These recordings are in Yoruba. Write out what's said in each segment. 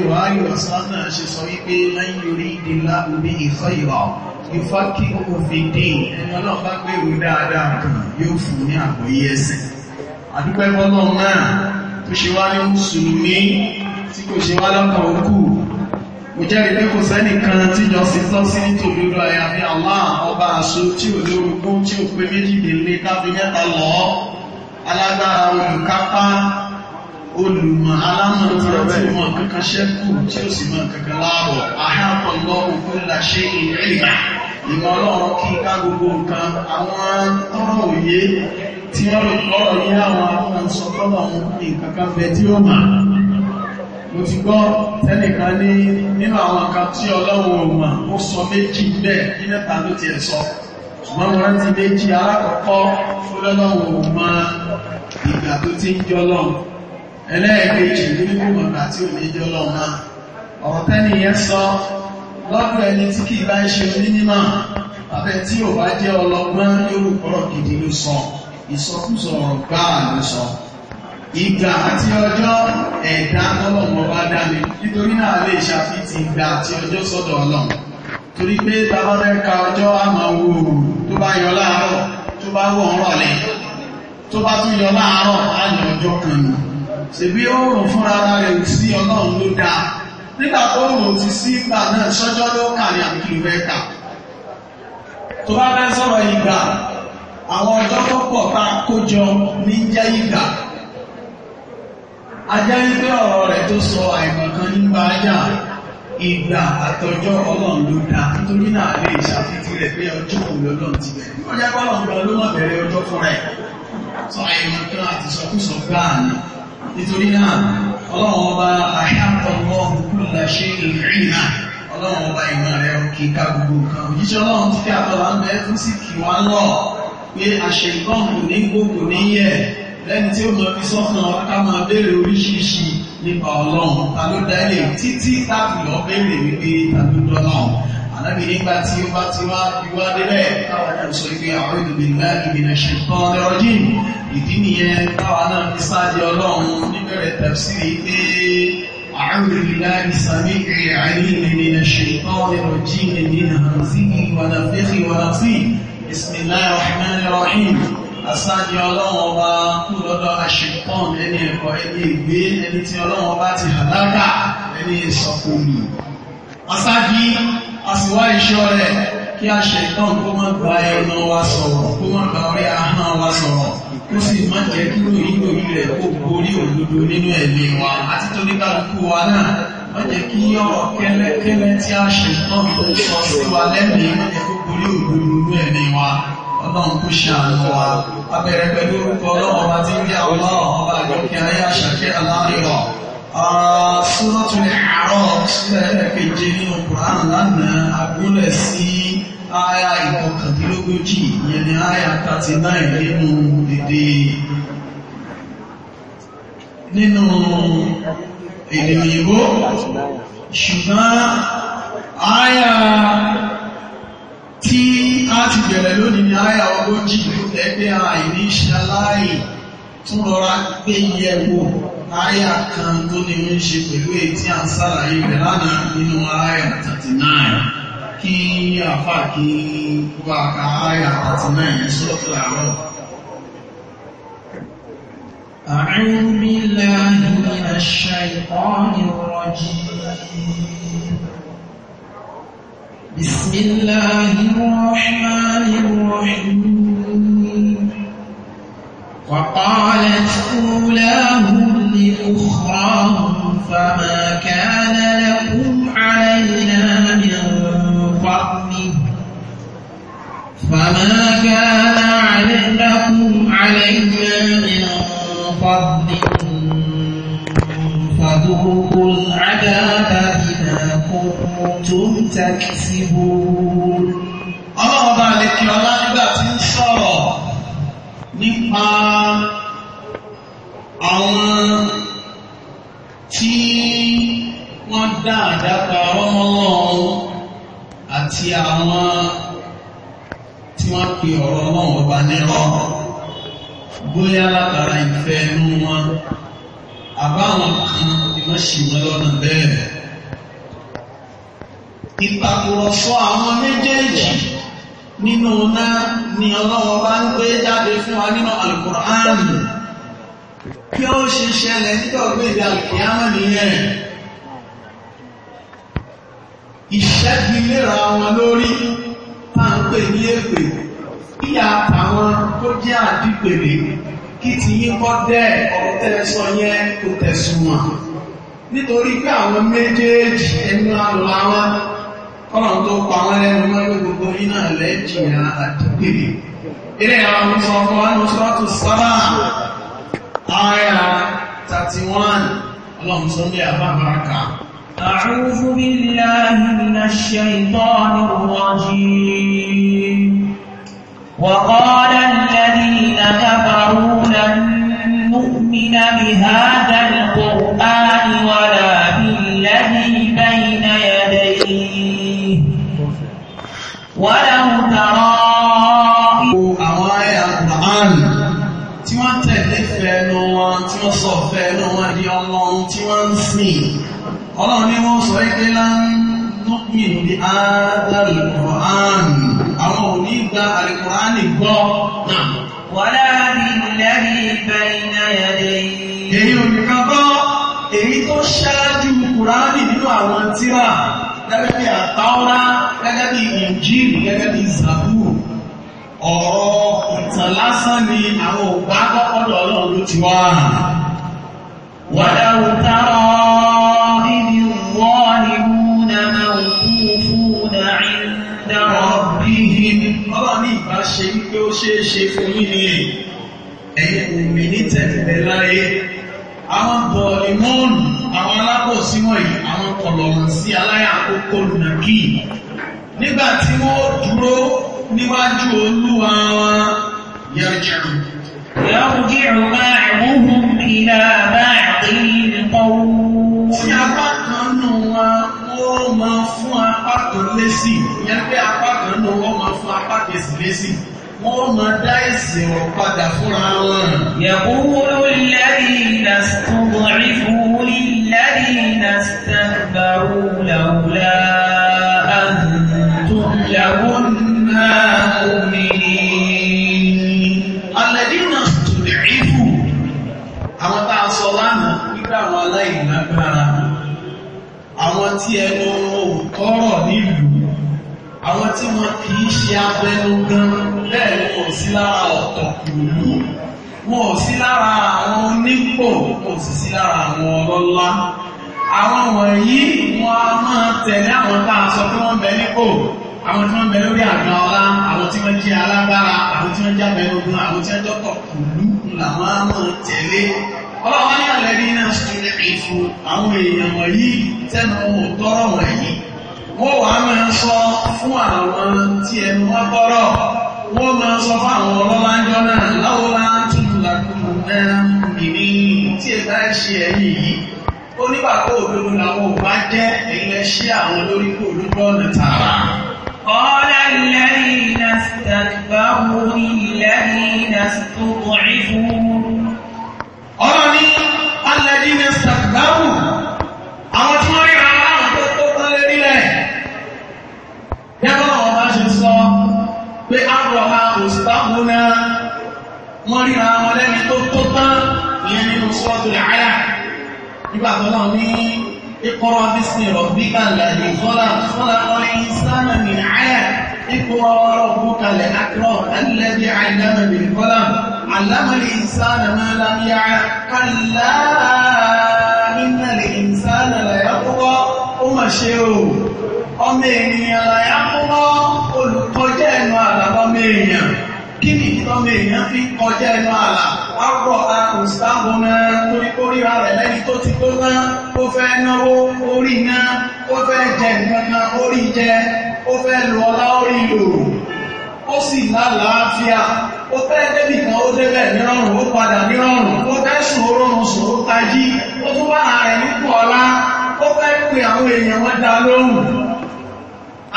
ìwárí ọ̀sánà ṣe sọ wípé lẹ́yìn orí ìdílá orí ìfẹ́ ìwà ìfá kí òfin dín ẹni ọlọ́run bá gbèrú dáadáa kan yóò fún ní àgbọ́yé ẹsẹ̀ àdúpẹ́ bọ́lọ́run náà tó ṣe wá ní mùsùlùmí tí kò ṣe wá lọ́kàn òkú mo jẹ́rìí pé kò sẹ́nì olùmọ̀ alámọ̀tàrà tí mọ̀ kankan ṣẹ́kù tí ó sì mọ̀ kankan láàbọ̀ ahápọ̀lọ́ òkun làṣẹ ìrìnà ìmọ̀ ọlọ́run kí ká gbogbo nǹkan àwọn tọ́rọ òye tí wọ́n lè kọ́rọ̀ ní àwọn akọ́nsọ̀tọ́lọ̀ ní kankan bẹ tí ó mà mo ti gbọ́ tẹ́nìkan ní nínú àwọn kan tí ọlọ́run méjì alákọ̀ọ́kọ́ fúlọ́lọ́run ò ìgbà tó ti ń jọlọ́run ẹlẹ́ẹ̀kejì nínú mọ̀nà tí ò ní jẹ́ ọlọ́mà ọ̀rọ̀ tẹ́ni yẹn sọ lọ́dún ẹni tí kìí bá ń ṣe onímọ̀ abẹ tí ò bá jẹ́ ọlọ́gbọ́n yóò kọ́rọ̀ gidi ló sọ ìsọkúsọ ọ̀rọ̀ gbáà ló sọ ìgbà àti ọjọ́ ẹ̀dá ọlọ́mọ bá dá mi nítorí náà lè ṣàfihàn ìgbà àti ọjọ́ sọ́dọ̀ ọlọ́mọ torí pé bàbá fẹ́ ka ọjọ́ a wo òòrùn tó bá yọ láàárọ̀ tó bá wọ̀ ń tó bá tún yọ láàárọ̀ á ọjọ́ kan nù ṣèbí oòrùn fúnra rẹ̀ sí ọlọ́run ló dáa nígbà tó oòrùn ti sí ìgbà náà ṣọ́jọ́ ló kà ní àkìlúmẹ́ta tó bá fẹ́ sọ̀rọ̀ ìgbà àwọn ọjọ́ tó pọ̀ ta kójọ ní jẹ́ ìgbà ajẹ́ wípé ọ̀rọ̀ rẹ̀ tó sọ àìmọ̀kan nípa ajá ìgbà àtọjọ́ ọlọ́run ló dá nítorí náà lè ṣàfihàn rẹ̀ pé ọjọ́ òun lọ́lọ́run ti bẹ̀rẹ̀ ọjọ́ fúnra nítorí náà ọlọ́run ọba àṣàkọ̀ọ́ kúlà ṣe ìrìnà ọlọ́run ọba ìmọ̀ rẹ̀ kíkà gbogbo nǹkan òjíṣẹ́ ọlọ́run ti fi àtọ́lá ń bẹ fún sí kì wá lọ pé àṣẹ̀gbọ́n ní gbogbo níyẹ̀ lẹ́ni tí ó mọ̀ fi sọ́kàn ká máa béèrè oríṣiríṣi nípa ọlọ́run ta ló dá ilé títí tábìlọ́ wípé tàbí dọ́lọ́run ànábì nígbà tí ó bá ti wá ìwá délẹ̀ táwọn náà sọ pé àwọn ìdòdìlá ìbìnà ṣẹ̀tọ́ ọdẹ́rọ́jì ìdí nìyẹn táwọn náà ti sáàdì ọlọ́run níbẹ̀rẹ̀ tafsiri pé أعوذ بالله السميع العليم من الشيطان الرجيم من همزه ونفخه ونفسه بسم الله الرحمن الرحيم asáájú ọlọ́wọ́n ọba kú lọ́dọ̀ aṣepọ́n ẹni ẹ̀kọ́ ẹni ìgbé ẹni tí ọlọ́wọ́n ọba ti hàlákà ẹni ìsọ̀kòmù asáájú a sì wá ìṣọ́ rẹ̀ kí a ṣe ìtàn kó má gba ẹnu wa sọ̀rọ̀ kó má gba orí ahọ́n wa sọ̀rọ̀ ó sì má jẹ́ kí ròyìn lórí rẹ̀ kó borí òdodo nínú ẹ̀mí wa àti tó níkàlùkù wa náà má jẹ́ kí ọ̀rọ̀ kẹ́lẹ́kẹ́lẹ́ tí a ṣe ìtàn tó sọ sí wa lẹ́mìí má jẹ́ kó borí òdodo nínú ẹ̀mí wa ọlọ́run kó ṣàánú wa abẹ̀rẹ̀ pẹ̀lú orúkọ ọlọ́run ọba tí ń jẹ́ ọlọ́run ọba àjọkẹ́ ayé àṣàkẹ́ Ah, Suratul A'raf ẹlẹ́ẹ̀keje nínú Quran lánàá agúnlẹ̀ sí àyà ìkọkàndínlógójì ìyẹn ni àyà 39 nínú èdè nínú èdè òyìnbó ṣùgbọ́n àyà tí a ti bẹ̀rẹ̀ lónìí ni àyà ogójì ẹgbẹ́ àìníṣẹ́ aláìí tún rọra gbé yẹ̀ wò àyà kan tó ní ń ṣe pẹ̀lú ètí à ń sàlàyé rẹ̀ lánàá nínú àyà 39 kí àfà kí wà ká àyà 39 yẹn sọ́tọ̀ àárọ̀. بسم الله الرحمن الرحيم وقالت أولاهم لأخراهم فما كان لكم علينا من فضل فما كان لكم علينا من فضل فذوقوا العذاب بما كنتم تكسبون الله أكبر الله àti àwọn tí wọ́n pe ọ̀rọ̀ ọlọ́run ọba nírọ́ bóyá látara ìfẹ́ inú wọn àbáwọn kan ni wọ́n ṣì wọ́n lọ́nà bẹ́ẹ̀. ìtàkùrọ̀sọ àwọn méjèèjì nínú náà ni ọlọ́wọ́ bá ń gbé jáde fún wa nínú Al-Qur'an kí ó ṣe ṣẹlẹ̀ nígbà ògbéde àlùkìyámà nìyẹn ìṣẹ́gilera wọn lórí páńpẹ́ ní èpè kíyà àtàwọn tó jẹ́ àdìpèlè kí ti yín kọ́ dẹ́ ọ̀tẹ́sọ yẹn kò tẹ̀sùn wọn nítorí pé àwọn méjèèjì ẹnu àlọ́ wọn kọ́nà tó pa wọn lẹ́nu mọ́lú gbogbo iná lẹ́jìnà àdìpèlè ilé àwọn sọ fún wọn ní sọ́tù sábà ààyà 31 ọlọ́run sọ ní àbábára kàá أعوذ بالله من الشيطان الرجيم وقال الذين كفروا لن نؤمن بهذا القرآن ولا بالذي بين يديه ولو ترى أوايا القرآن tí wọ́n tẹ̀lé fẹ́ẹ́nu wọn tí wọ́n sọ fẹ́ẹ́nu wọn di ọlọ́run tí wọ́n ọlọ́run ni wọ́n sọ ẹ́kẹ́ lánàkùnrin bí ádàlù kọ̀ránì àwọn òní gba àlùkọ̀ránì gbọ́ náà wọ́lá ìlẹ́rí bẹ́ẹ̀nà yẹ̀dẹ̀ èyí òmìnira gbọ́ èyí tó ṣáájú kùránì Injil gẹ́gẹ́ bí zabu ọ̀rọ̀ ìtàn lásán ni àwọn ògbà gbọ́kọ́dọ̀ ọlọ́run ló ti wá wọ́lá òtárọ̀ ṣe wípé ó ṣeé ṣe fún yín ni ẹ̀yin òmì ní tẹ̀lẹ̀ láyé àwọn bọ̀ ìmọ̀ọ̀nù àwọn alábòsí wọ̀nyí àwọn kọ̀lọ̀rùn sí aláyà àkókò nàkì nígbà tí wọ́n dúró níwájú olúwa wọn yẹ̀rù. يرجع بعضهم إلى بعض القول Ó ní apá kan nù wa, ó máa fún apá kan lésì, ìyẹn pé apá kan ní wọ́n máa fún apá kejì lésì wọ́n máa dá ẹ̀sìn wọn padà fúnra wọn. yaqulu alladhina istud'ifu lilladhina istakbaru lawla antum lahunna mu'minin. alladhina istud'ifu àwọn tá a sọ lánàá nígbà àwọn aláìlágbára àwọn tí ẹnu wọn nílùú àwọn tí wọ́n kì í ṣe abẹnugan bẹ́ẹ̀ ni kò sí lára ọ̀tọ̀ kùlú wọn ò sí lára àwọn onípò kò sì sí lára àwọn ọlọ́lá àwọn wọ̀nyí wọn a máa tẹ̀lé àwọn tá a sọ pé wọ́n bẹ nípò àwọn tí wọ́n bẹ lórí àgbà ọlá àwọn tí wọ́n jẹ́ alágbára àwọn tí wọ́n jẹ́ abẹnugan àwọn tí wọ́n jẹ́ ọ̀tọ̀ kùlú làwọn a máa tẹ̀lé ọlọ́wọ́ ní àlẹ́ ní náà ṣe ìfún àwọn èèyàn wọ̀nyí tẹ́nu wọn ò tọ́rọ̀ wọ́n wà máa sọ fún àwọn tí ẹnu wọ́n gbọ́rọ̀ wọ́n máa sọ fún àwọn ọlọ́lájọ́ náà láwọ́ máa ń làkúrò náà tí ẹ bá ṣe ẹ̀yìn yìí ó nígbà kó òdodo làwọn ò jẹ́ ẹ̀yìn ṣí àwọn lórí kó òdodo ọ̀nà tààrà. قال الذين استكبروا للذين استضعفوا ọ̀rọ̀ ni alẹ́dínẹ́sàgbáwù àwọn tí wọ́n Yẹ́bọ́n ọba ṣe sọ pé Abrọ̀ha òsìtàkùnà wọ́n ríra wọn lẹ́ni tó tó tán ìyẹn nínú sọ́ọ̀tù rẹ̀ àyà. Nígbà tó náà ní ìkọrọ̀ bísí rọ̀bíkà lẹ́yìn fọ́lá fọ́lá lọ́rí sáàmì ní àyà. Ìkọrọ̀ rọ̀bùkà lẹ́ àkọ́rọ̀ alẹ́bí àìdámẹ́ bìí fọ́lá. Ọmọ ènìyàn fi kọjá ẹnu àlà ọ̀rọ̀ àkùnsáàbò náà torí kó ríra rẹ̀ lẹ́ni tó ti kó náà ó fẹ́ náwó orí náà ó fẹ́ jẹ nǹkan kan orí jẹ ó fẹ́ lọ ọlá orí lò ó sì lálàáfíà ó fẹ́ débì kan ó débẹ̀ nírọ̀rùn ó padà nírọ̀rùn ó fẹ́ sùn ó rọrùn sùn ó tají ó tún wá ààrẹ nípò ọlá ó fẹ́ pe àwọn èèyàn wọn dá lóhùn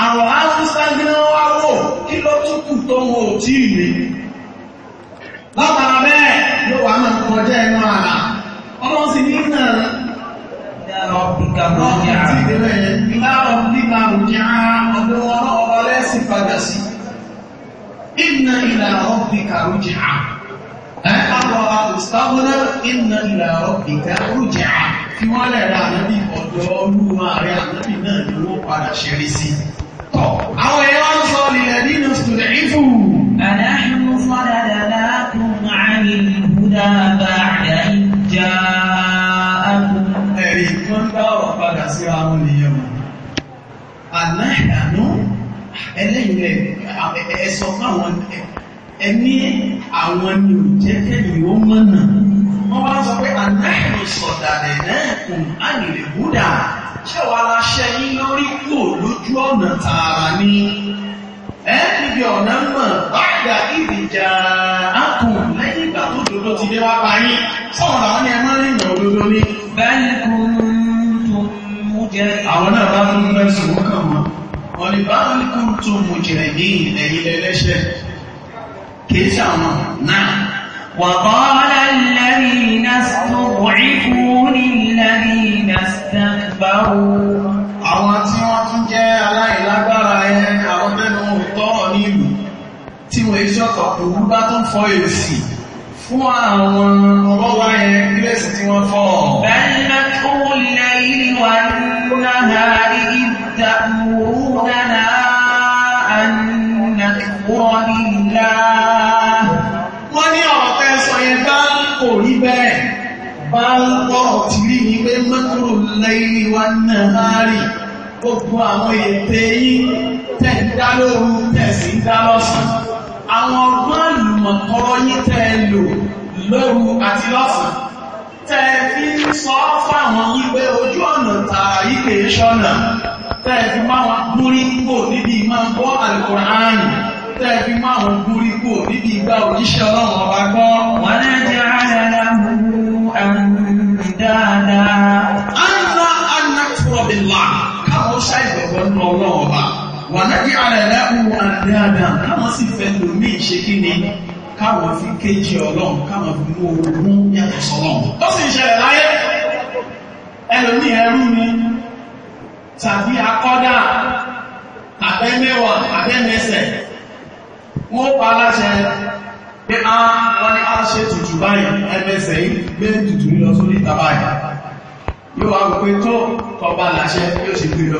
àwọn áwùsá gbé wọn wá wò kí ló tún kù tó wọn ò tí ì látara bẹ́ẹ̀ yóò wà náà kọjá ẹnu àlà ọmọ sì ní náà lọ pìkà lọ́ọ̀kì àti ìbẹ̀rẹ̀ ìlàrọ̀ nígbà òjá ọdún ọlọ́ọ̀bọ lẹ́sìn padà sí ìnà ìlàrọ̀ pìkà rújì á ẹ̀kọ́ ìstáwọ́nà ìnà ìlàrọ̀ pìkà rújì á kí wọ́n lẹ̀ ra ànábì ọ̀dọ́ olúwa rẹ̀ ànábì náà ni wọ́n padà ṣẹ̀rí sí tọ̀ àwọn èèyàn sọ الهدى بعد إذ جاءكم ẹ̀rí tó ń bá ọ̀rọ̀ padà síra wọn nìyẹn mọ̀ aláìdáná ẹlẹ́yìnlẹ̀ ẹ̀sọ fáwọn ẹni àwọn ni ò jẹ́ kẹ́yìn ó mọ̀nà wọ́n bá sọ pé aláìdáná sọ̀dàlẹ̀ náà kùn ánìlè búdà ṣẹ́wàá láṣẹ yín lórí kò lójú ọ̀nà tààrà ni ẹ́ níbi ọ̀nà mọ̀ bá ìgbà ìdìjà ákùn tó ti dé wá bá yín sọ̀rọ̀ làwọn ni ẹ rìn ìrìn òdodo ní. báyìí tó mú jẹ. àwọn náà الذين استضعفوا للذين استكبروا àwọn tí wọ́n tún jẹ́ aláìlágbára ẹ àwọn mẹ́nu ọ̀tọ́ nílùú tí wọ́n iṣẹ́ ọ̀tọ̀ òun bá tún fọ́ èsì fún àwọn ọlọ́wà yẹn nílẹ̀sì tí wọ́n fọ́. Bẹ́ẹ̀lá tó lẹ́ ìwà náà ìdàmúrúnà ànàkúrọ̀lá. Wọ́n ní ọ̀rọ̀ tẹ́ sọ yẹn bá ń kò rí bẹ́ẹ̀, bá ń kọ́ ọ̀tí rí ní pé mẹ́kúrò lẹ́ ìwà náà rí gbogbo àwọn ètè yìí tẹ̀ ń dá lóru tẹ̀ sí ń dá lọ́sàn. Àwọn ọgbọ́n àmọ̀kọ́rọ́ yín tẹ́ lò lóru àti lọ́sàn tẹ́ fi ń sọ fáwọn wípé ojú ọ̀nà tààrà yìí kèé ṣọ́nà tẹ́ fi máa wọn gúrí kò níbi máa gbọ́ alìkòránì tẹ́ fi máa wọn gúrí kò níbi ìgbà òjíṣẹ́ ọlọ́run ọba wà láti ààrẹ lẹ́kùn àdáadà káwọn sì fẹ́ lómi ṣe kí ni káwọn fi kéjì ọlọ́run káwọn fi mú ogun yàtọ̀ sọ́lọ́run ó sì ń ṣẹlẹ̀ láyé ẹlòmí ẹrú ni tàbí akọ́dà abẹ́mẹ́wà abẹ́mẹsẹ̀ wọ́n pa aláṣẹ pé a ah, wọ́n ní a ṣe tùtù báyìí ẹgbẹ́sẹ̀ yìí gbé tùtù lọ sórí ìta báyìí yóò wá wípé tó kọba aláṣẹ yóò ṣe gbé lọ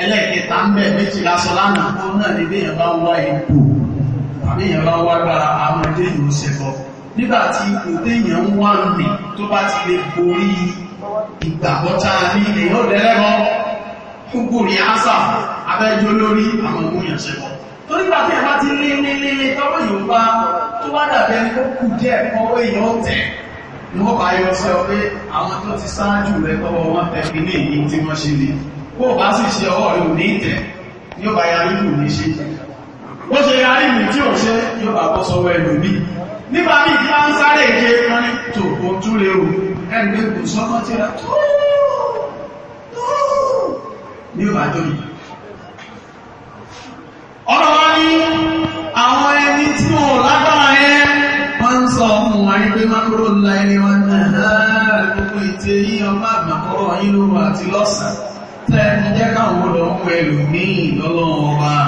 ẹlẹ́ẹ̀kẹta ń bẹ̀ méjì lásọ lánàá tó náà ní bí èèyàn bá ń wá ipò àbí èèyàn bá ń wá gbára àwọn ilé ìlú ṣẹbọ nígbà tí ipò téèyàn ń wá nì tó bá ti lè borí ìgbàgbọ́ta ní èèyàn ò dẹ́lẹ́bọ́ kúkú rí ásà abẹ́jọ́ lórí àwọn ohun èèyàn ṣẹbọ tó nígbà tí ẹ̀bá ti lé nílé tọ́wọ́ yóò bá tó wá dàbẹ́ ó kù díẹ̀ kọ́wọ́ èèyàn tẹ̀ ni wọ́n bá bó bá sì ṣe ọwọ́ rẹ̀ ní ìtẹ̀ yóò bá yarí lù ní ṣe bó ṣe yarí lù tí ò ṣe yóò bá bọ́ sọ́wọ́ ẹlò mí nígbà bí ìdí ń sáré ìké wọn ní kó tú lè o ẹni pé kò sọ́kọ́ tí ra tó ní ọ̀rọ̀ wa ní àwọn ẹni tí wọn lágbára yẹn wọ́n ń sọ ọmọ wọn pé máa kúrò ńlá ẹni wọn náà gbogbo ìtẹ̀yìn ọmọ àgbàkọ́ yìí lóru àti lọ́sàn-án tẹ́ẹ̀ni jẹ́ káwọn lọ ń pẹ̀ lò ní ìlọ́lọ́wọ́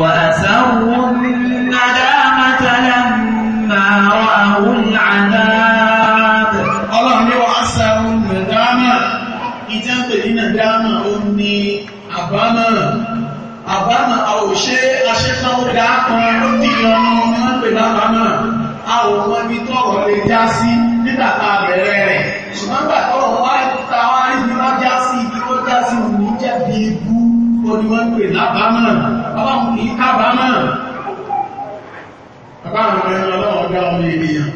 wa wà sáwọn nílẹ̀ mátàlá màárọ̀ àwọn àdáàbẹ̀ ọlọ́run ní wà sáwọn nàdáàmà ìjẹ́pẹ̀ ní nàdáàmà ó ní àbámà àbámà àwòṣe aṣẹ́sáwó dákan ọmọ ibi tọ́rọ̀ lè já sí nígbàtà bẹ̀rẹ̀ kábàámà kábàámà rẹ̀ lọ́wọ́ dá ọmọ ènìyàn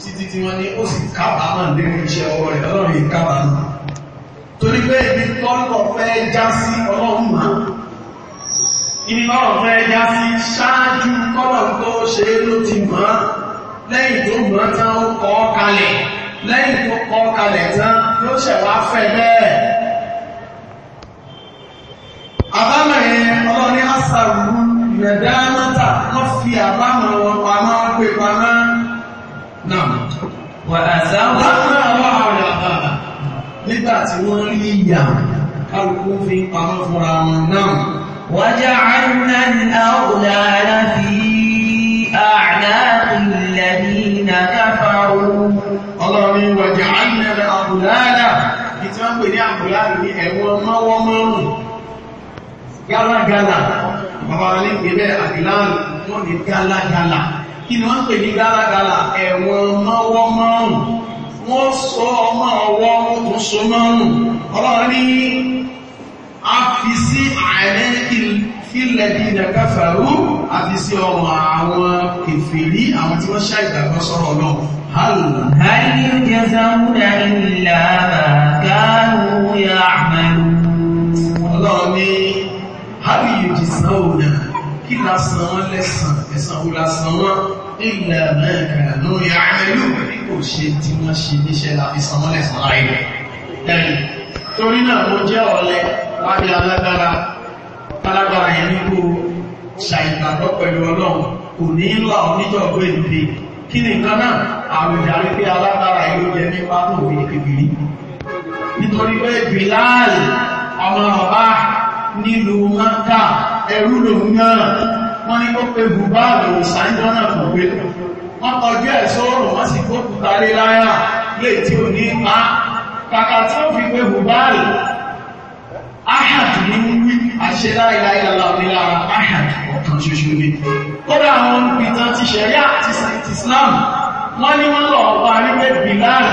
títí tí wọ́n ní ó sì kábàámà nínú iṣẹ́ ọwọ́ rẹ̀ ọlọ́run yìí kábàámà torí pé ibi tọ́lọ̀ fẹ́ já sí ọlọ́run mà ibi tọ́lọ̀ fẹ́ já sí ṣáájú kọ́lọ̀ tó ìnàdámátà wọ́n fi àbámọ̀ wọn pamọ́ pé pamọ́ náà wà àzáwà nígbà tí wọ́n rí ìyà kálukú fi pamọ́ fúnra wọn náà wájá àrùnà àwòlà aláfi àdáàkùn lẹ́nìyàn káfàrú ọlọ́rin wájá àrùnà àwòlà aláfi ìtí ní àwòlà ní ẹ̀wọ̀n mọ́wọ́ mọ́rùn-ún gálágalà bàbá wọn ní ìpínlẹ̀ àdìláàrùn wọ́n ní gálágálà kí ni wọ́n pè ní gálágálà ẹ̀wọ̀n mọ́wọ́ márùn wọ́n sọ ọmọ ọwọ́ tó so márùn ọlọ́run ní a fi sí ààrẹ ilẹ̀ bí ìdàkáfàrú àti sí ọrọ̀ àwọn kèfèrí àwọn tí wọ́n ṣàìdàgbọ́sọ́rọ̀ náà san wọ́n lẹ́sàn ẹ̀sàn wùlá san wọ́n ilẹ̀ mẹ́ẹ̀kẹ̀rẹ̀ lórí àmẹ́lú kò ṣe tí wọ́n ṣe níṣẹ́ láti san wọ́n lẹ́sàn láìlẹ̀ ẹ̀rìn torí náà mo jẹ́ ọ̀lẹ láti alágbára alágbára yẹn nígbò ṣàìgbàgbọ́ pẹ̀lú ọlọ́run kò Bilal ọmọ ọba nílùú Mọ́kà ẹrú lòun náà wọ́n ní kó pé bùbáàlù sàíjọ́nà kò pé wọ́n tọ́jú ẹ̀ sóòrùn wọ́n sì kó kùtàrí láyà lè tí ò ní pa kàkà tí ó fi pé bùbáàlù áhàtì ní wí àṣẹ́lá ìlàílàlà onílára áhàtì ọ̀kan ṣoṣo ní kódà àwọn olùpìtàn ti ṣẹ̀rí àti Islam wọ́n ní wọ́n lọ ọba nígbé bìláàrì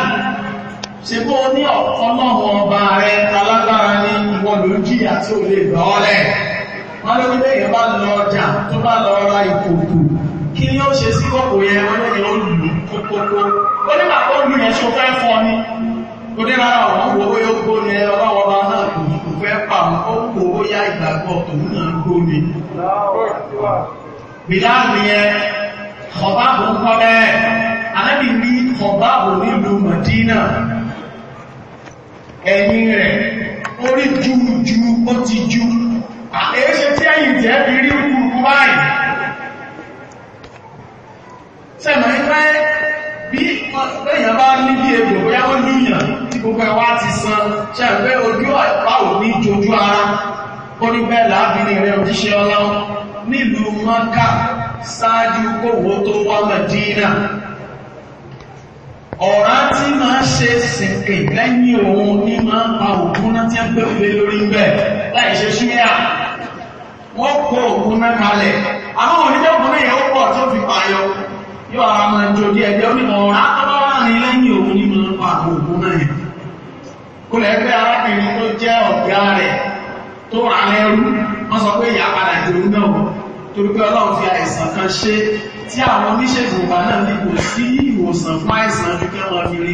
ṣe bó ní ọ̀kan náà ọba rẹ̀ alágbára ní ìwọ̀n lójí àti wọ́n ní wípé èyàn bá lọ ọjà tó bá lọ ra ìkòkò kí ni ó ṣe sí kòkò yẹn wọ́n ní ó lù kókókó fọ́ ni ó ní rárá òun wo bóyá ó gbó ni ọlọ́wọ́ bá náà kò fẹ́ pa òun ó wò bóyá ìgbàgbọ́ tòun náà gbó ni. bìlá nìyẹn ọba ó ti ju àkèéṣe tí ẹ̀yìn jẹ́ bí rí kúrùkú báyìí sẹ́mọ̀ ipẹ́ bí ẹ̀yàn bá ní bí egbò bóyá ó lúyàn tí gbogbo ẹwà ti san sẹ́mọ̀ ojú àpá ò ní jojú ara ó ní bẹ́ẹ̀ láàbìnrin rẹ̀ òjíṣẹ́ ọlọ́run nílùú mọ́ká ṣáájú kòwó tó wá mẹ́dínà ọ̀rá tí máa ṣe sìnkè lẹ́yìn òun ní máa pa òkúnná tí a ń pẹ́ lórí ń bẹ̀ láìṣe ṣúgbẹ́ wọ́n kó òkú mẹ́kalẹ̀ àwọn oníjẹ́kùn náà yóò pọ̀ tó fi pààyọ yóò ara mọ̀ ẹjọ́ díẹ̀ díẹ̀ onímọ̀ ọ̀rá tọ́lọ́ láàrin lẹ́yìn òun ní mọ̀ pààbò òkú náà kó lẹ́ pé arákùnrin tó jẹ́ ọ̀gá rẹ̀ tó wà lẹ́rú wọ́n sọ pé ìyá padà dèrú náà torí pé ọlọ́run fi àìsàn kan ṣe tí àwọn oníṣègùn ìgbà náà ní kò sí ìwòsàn fún àìsàn ju kí wọ́n fi rí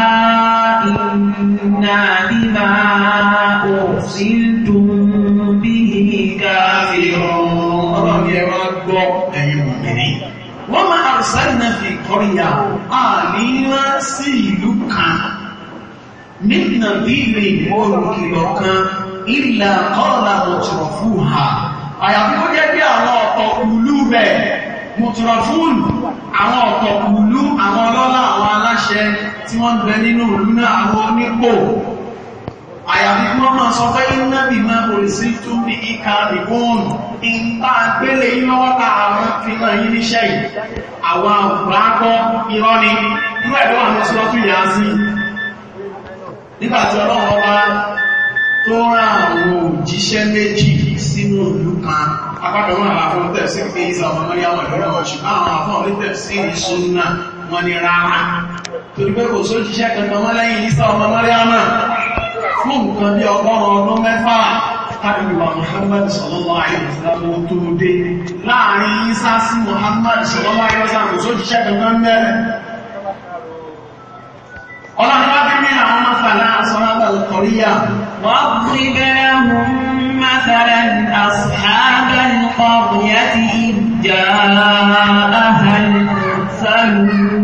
kọ́ríyà àníyàn sí ìlú kan nínà bílé olùkìlọ̀ kan ilẹ̀ kọ́lá mọ̀tọ̀rọ̀fú ha àyàfi kó jẹ́ bí àwọn ọ̀tọ̀ ìlú rẹ̀ mọ̀tọ̀rọ̀fú àwọn ọ̀tọ̀ àwọn ọlọ́lá àwọn aláṣẹ tí wọ́n ń nínú ìlú náà àwọn onípò àyàfi kí wọ́n máa sọ pé iná bí máa kò lè sí tún ní ìka ìbóònù ìta gbélé ìlọ́wọ́ta àwọn fi máa yí níṣẹ́ yìí àwọn àwòránkọ́ irọ́ ni inú ẹ̀dọ́ wà ní ṣọ́tù yà sí nígbàtí ọlọ́run ọba tó rán àwọn òjíṣẹ́ méjì sínú ìlú kan apákanwọ́n àwọn afọ́n tẹ̀sí pé ìsà ọmọ mọ́rí àwọn ìlú ọ̀rọ̀ ṣùgbọ́n àwọn afọ́n orí tẹ̀sí ìṣúná wọn ni rárá torí pé kò sójíṣẹ́ kankan mọ́ lẹ́yìn ìsà ọmọ mọ́rí àmà fún nǹkan bí ọgọ́rùn ọdún mẹ́fà tàbíwà Muhammad sallallahu alaihi wasallam tó dé láàrin Isa sí Muhammad sallallahu alaihi wasallam tó jíṣẹ́ gangan mẹ́rẹ̀ ọlọ́pàá àwọn afẹ́lá asọ́nàbà kọ̀ríyà واضرب لهم مثلا أصحاب القرية إذ جاءها المرسلون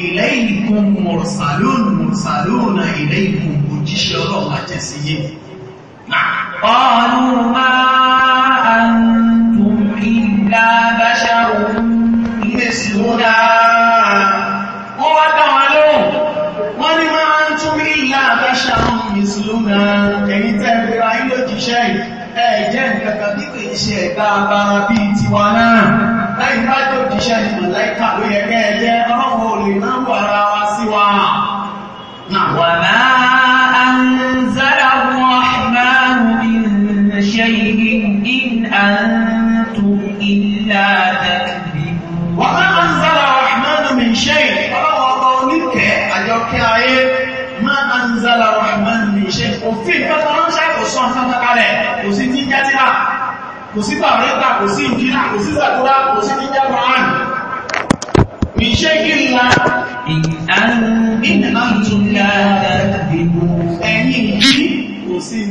ilaykum mursalun mursaluna ilaykum òjíṣẹ́ ọlọ́run àjẹsí yìí qalu ma antum illa basharun misluna wọ́n wá dá wọn lóhùn wọ́n ní ma antum illa basharun misluna ẹ̀yin tẹ́ fẹ́ra yín lójíṣẹ́ ẹ̀jẹ́ nǹkan kan لا تكذبون وما أنزل الرحمن من شيء ọlọ́wọ́ oníkẹ́ àjọkẹ́ ayé ما أنزل الرحمن من شيء òfin pẹ́tọ́rọ́ṣẹ́ kò sọ ọ̀sánfẹ́kalẹ̀ kò sí ní jẹ́tíra kò sí tàbíta kò sí ìjìnà kò sí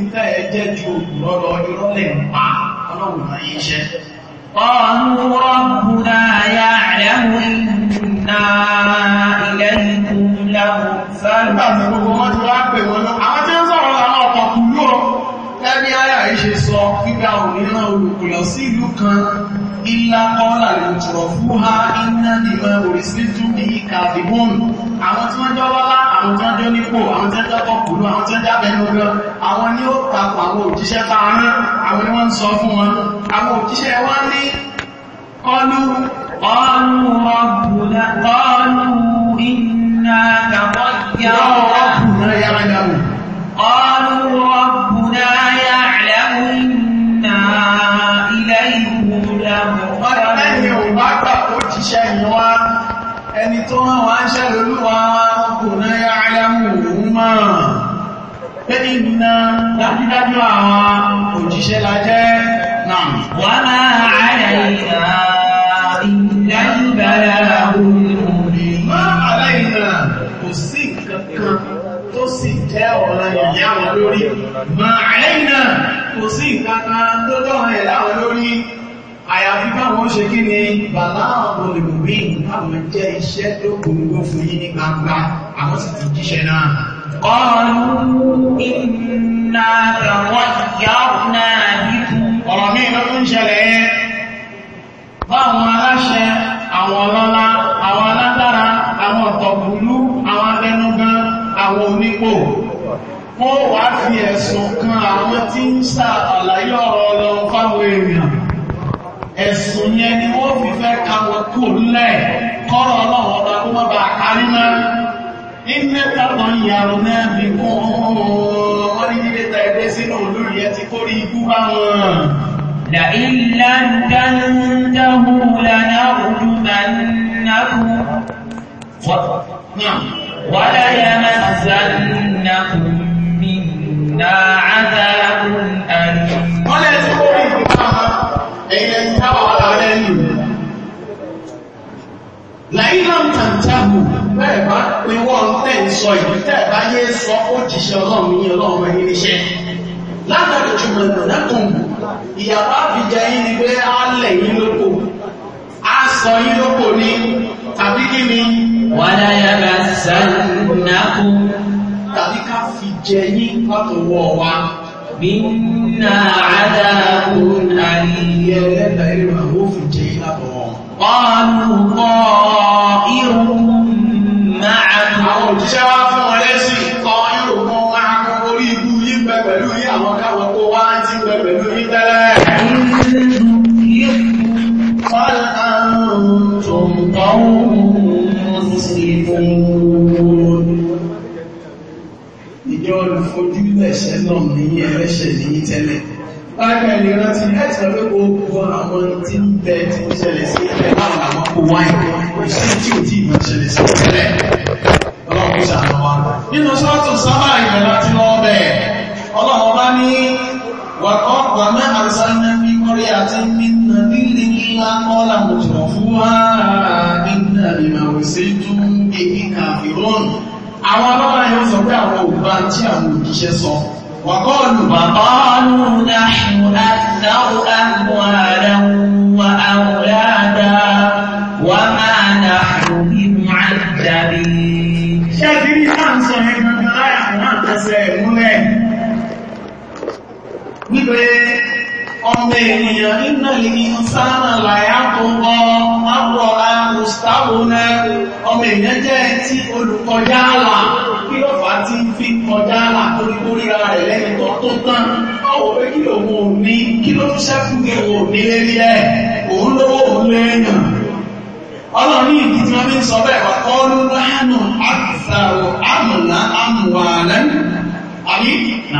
ń tẹ́ ẹjẹ́ ju òkúrọ́lọ́ irọ́lẹ̀ ń pa ọlọ́run máa yíṣẹ́ قالوا ربنا يعلم إنا إليكم لمرسلون ẹni ayá ìṣe sọ fígbà òmìnira olùkùnlọ sí ìlú kan ilá kọ́lá ìrìnjọ̀rọ̀ fún ha iná dìmọ̀ orísìí tún ní ìkà àdìbòmù àwọn tí wọ́n jọ lọ́lá àwọn tí wọ́n nípò àwọn tí ń jábọ̀ pùlú àwọn tí ń jábẹ̀ lọ́gbọ́ àwọn ni ó tapọ̀ àwọn òjíṣẹ́ fáárán àwọn ni wọ́n ń sọ fún wọn àwọn òjíṣẹ́ wọ́n ní kọlu ọlú قالوا ربنا يعلم إنا إليكم لمقربون ẹni tó rán wa ń ṣẹ́ lórí tẹ́lẹ̀ ìdúná dájúdájú àwọn òjíṣẹ́ la jẹ́ náà. wà á àyà ìlà ìdájú bàrà òmìnirí. má àlá ìlà kò sí kankan tó sì jẹ́ ọ̀rọ̀ ìyá wọn lórí. má àlá ìlà kò àyàfi báwọn ṣe kí ni bàlá àwọn olùgbòmí àwọn jẹ́ iṣẹ́ tó kò fún yín ní gbangba àwọn sì ti jíṣẹ́ náà. قالوا إنا تطيرنا بكم ọ̀rọ̀ míì ló tún ṣẹlẹ̀ yẹn báwọn aláṣẹ àwọn ọlọ́lá àwọn alágbára àwọn ọ̀tọ̀gbùlú àwọn abẹnugan àwọn onípò wọ́n wà fi ẹ̀sùn kan àwọn tí ń sà àlàyé ọ̀rọ̀ fáwọn èèyàn ẹ̀sùn yẹn ni wọ́n fi fẹ́ kò kọ́rọ̀ ọlọ́run ọba ìmẹ́ta kan yàrùn náà bí kún wọ́n ní nílé ta ẹgbẹ́ sínú olórí ẹ ti kórí ikú bá wọn la ilá dáńdáhù lánà òjú bá náàkú wà láyé mẹ́sàn-án mi náà àdáhùn àrùn wọ́n lẹ́ ti kórí ikú bá wọn ẹ̀yẹ táwọn ọ̀rọ̀ lẹ́yìn láìláǹtàǹtàhù bẹ́ẹ̀ bá pín wọ́n tẹ́ ń sọ ìlú tẹ́ bá yé sọ ó jíṣẹ́ ọlọ́run ní ọlọ́run ẹ̀yìn iṣẹ́ látàrí jùmọ̀ ìrìnàkùn ìyàwó àbíjẹ yìí ni pé á lẹ̀ yín lóko á sọ yín lóko ní tàbí kí ká fi jẹ yín látọwọ́ wa Minna àdáàkùn àríyẹ lẹ́tàrí màá ó fi jẹ yín látọwọ́. kọ́ irun òjíṣẹ́ fún wọn lẹ́sìn kọ yóò mọ́ orí ibú yí pẹ̀lú yí àwọn káwọn kó wá ti pẹ̀lú yí tẹ́lẹ̀ Ìjọ olùfojú lẹ̀ṣẹ̀ náà ní ẹlẹ́ṣẹ̀ ní tẹ́lẹ̀. Bákan rántí ẹ̀tọ́ ló gbogbo àwọn tí ń bẹ tí ó ṣẹlẹ̀ sí ẹ̀lá àwọn àmọ́kò wáyé, ìṣẹ́ tí ò tí ìmọ̀ ṣẹlẹ̀ sí ẹ̀lẹ́ ìṣàánú wa nínú sọ́tún sábà ìrẹ̀lá tí wọ́n bẹ̀ ọlọ́run bá ní wàkọ́ wàmẹ́ àrùsáná ní mọ́rí àti nínú nílé ńlá kọ́lá mọ̀tọ̀ fún wa nínú ìmọ̀wẹ̀sẹ̀ tún èyí kàfíròn wípé ọmọ ènìyàn nínú ìní sánà láyá tó wọ́ márùọ̀lá gustavo náà ọmọ ènìyàn jẹ́ tí olùkọjá àlà kí ló fà tí ń fi kọjá àlà tó ní kórìíra rẹ̀ lẹ́yìn tó tó tán ọwọ́ pé kí lòun ò ní kí ló ṣẹ́kù pé ò ní lérí ẹ̀ òun lówó òun lẹ́yìn ọlọ́run ìdí tí wọ́n fi ń sọ bẹ́ẹ̀ wà kọ́ lóhánù àtàrò àmùlá àmùwà lẹ́nu àbí wọ́n ní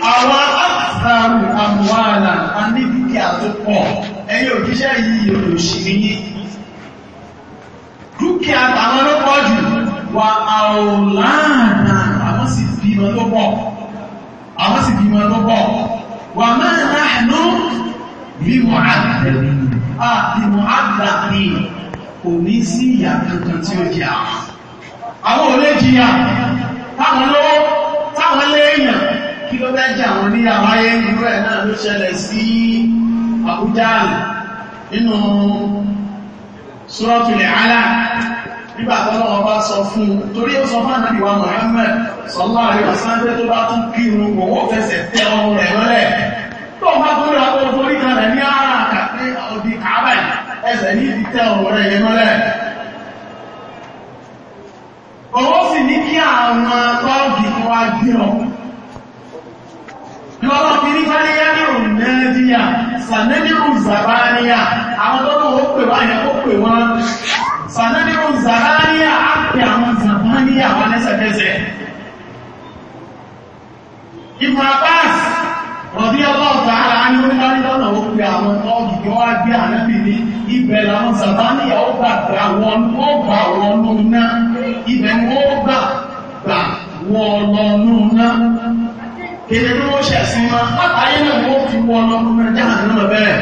àwọn àtàrù àmúhàlà a ní dúkìá tó pọ̀ ẹ̀yẹ òjíṣẹ́ yìí olóṣì ní dúkìá àwọn ọlọ́pọ̀ jù wà àwòláàdà àwọn sì bímọ tó pọ̀ àwọn sì bímọ tó pọ̀ wà máa náà bí wọ́n tí ó jẹ́ àwọn àwọn olè jìyà táwọn lówó táwọn léèyàn kí ló bẹ́ jà wọn ní àwáyé irú ẹ̀ náà ló ṣẹlẹ̀ sí Àbújá nínú Suratul Ala nígbà tọ́lọ́wọ́ bá sọ fún torí ó sọ fún ànábì wa Muhammad sallallahu alaihi wasallam tó bá tún kírun owó fẹsẹ̀ tẹ́ ọrùn rẹ̀ lọ́lẹ̀ tó bá tún rẹ̀ ọkọ̀ orí kan rẹ̀ ní ọwọ́ sì ní kí àwọn tọ́ọ̀gì fún wa gbé ọ lọ́wọ́ kí ní fáníyàní òun nàìjíríà sànẹ́dìrù zàbáníà àwọn tọ́lọ́ ó pè wá yẹn ó pè wọ́n sànẹ́dìrù zàbáníà á pè àwọn zàbáníà wọn lẹ́sẹ̀kẹsẹ̀ Ibn Abbas rọ̀bí ọlọ́ọ̀ta ara ní orílẹ̀-èdè lọ́nà ó ibẹ̀ làwọn sàtáníyà ó gbà gbà wọn ó gbà wọn lóná ibẹ̀ ni ó gbà gbà wọn lọ lóná kèdè ní ó ṣẹ̀ sí ma látàáyé náà wọ́n fi wọn lọ lóná jáà náà bẹ́ẹ̀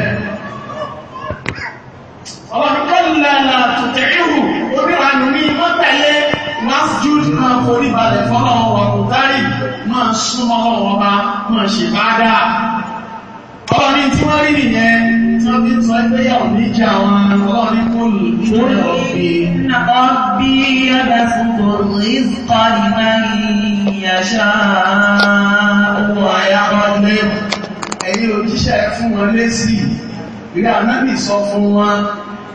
ọlọ́nikọ́lẹ̀lá tùtẹ̀ẹ́rù oníranù ní mọ́tẹ̀lẹ́ masjid máa forí balẹ̀ fọ́lọ́wọ́ wà kò máa súnmọ́ ọba máa ṣe bá dáa ọlọ́ni tí wọ́n rí nìyẹn tí wọ́n fi ń sọ ẹgbẹ́ yàwó níjà wọn ọlọ́ni kò lù ní ọ̀fẹ́ ọbí ẹgbẹ̀fúnkò rízkọ́ nígbà ìyàṣà owó ayáwọ́lé ẹ̀yìn òjíṣẹ́ fún wọn lésì rí ànábì sọ fún wọn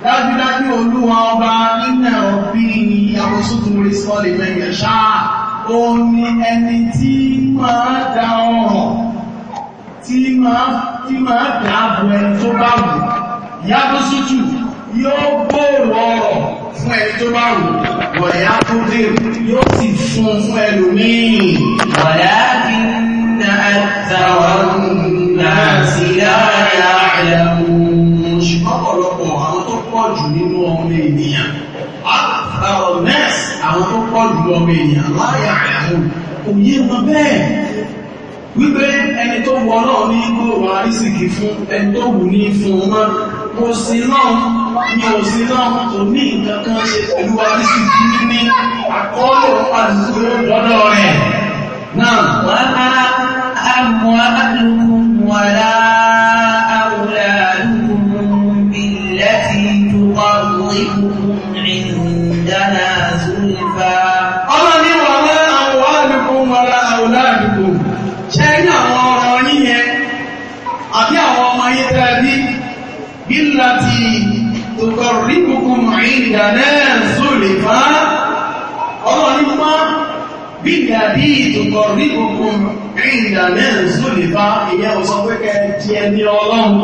dájúdájú olúwa ọba nínú ọbí àwọsùkú rízkọ́ nígbà ìyàṣà ní ẹni tí máa dá ọ̀rọ̀ tí máa dáàbò ẹni tó bá wù yàtọ̀ sútù yóò gbòòrò ọ̀rọ̀ fún ẹni tó bá wù wọ̀yá tó dé yóò sì fún fún ẹlòmíì wọ̀yá tí na àtàwọn náà sí láàrá ẹ̀rù ṣùgbọ́n ọ̀pọ̀lọpọ̀ àwọn ọmọ ènìyàn àwọn tó pọ̀ jù ọmọ ènìyàn láyà ẹ̀rù òye wọn bẹ́ẹ̀ wípé ẹni tó wọ náà ní gbòòrò àrísìkì fún ẹni tó wù ní fún ọmọ kò sí náà ní òsì náà kò ní ìkankan ṣe pẹ̀lú àrísìkì ní àkọọ́lò àdúgbò lọ́dọ̀ rẹ̀ náà wọ́n á mọ́ àdúgbò wọ́n ìdáná zùlìfà ọlọ́run mọ́ bí ìdàbí ìtùkọ̀ rí gbogbo ìdáná zùlìfà ìyẹn ò sọ pé kẹ́ẹ̀dì ẹni ọlọ́run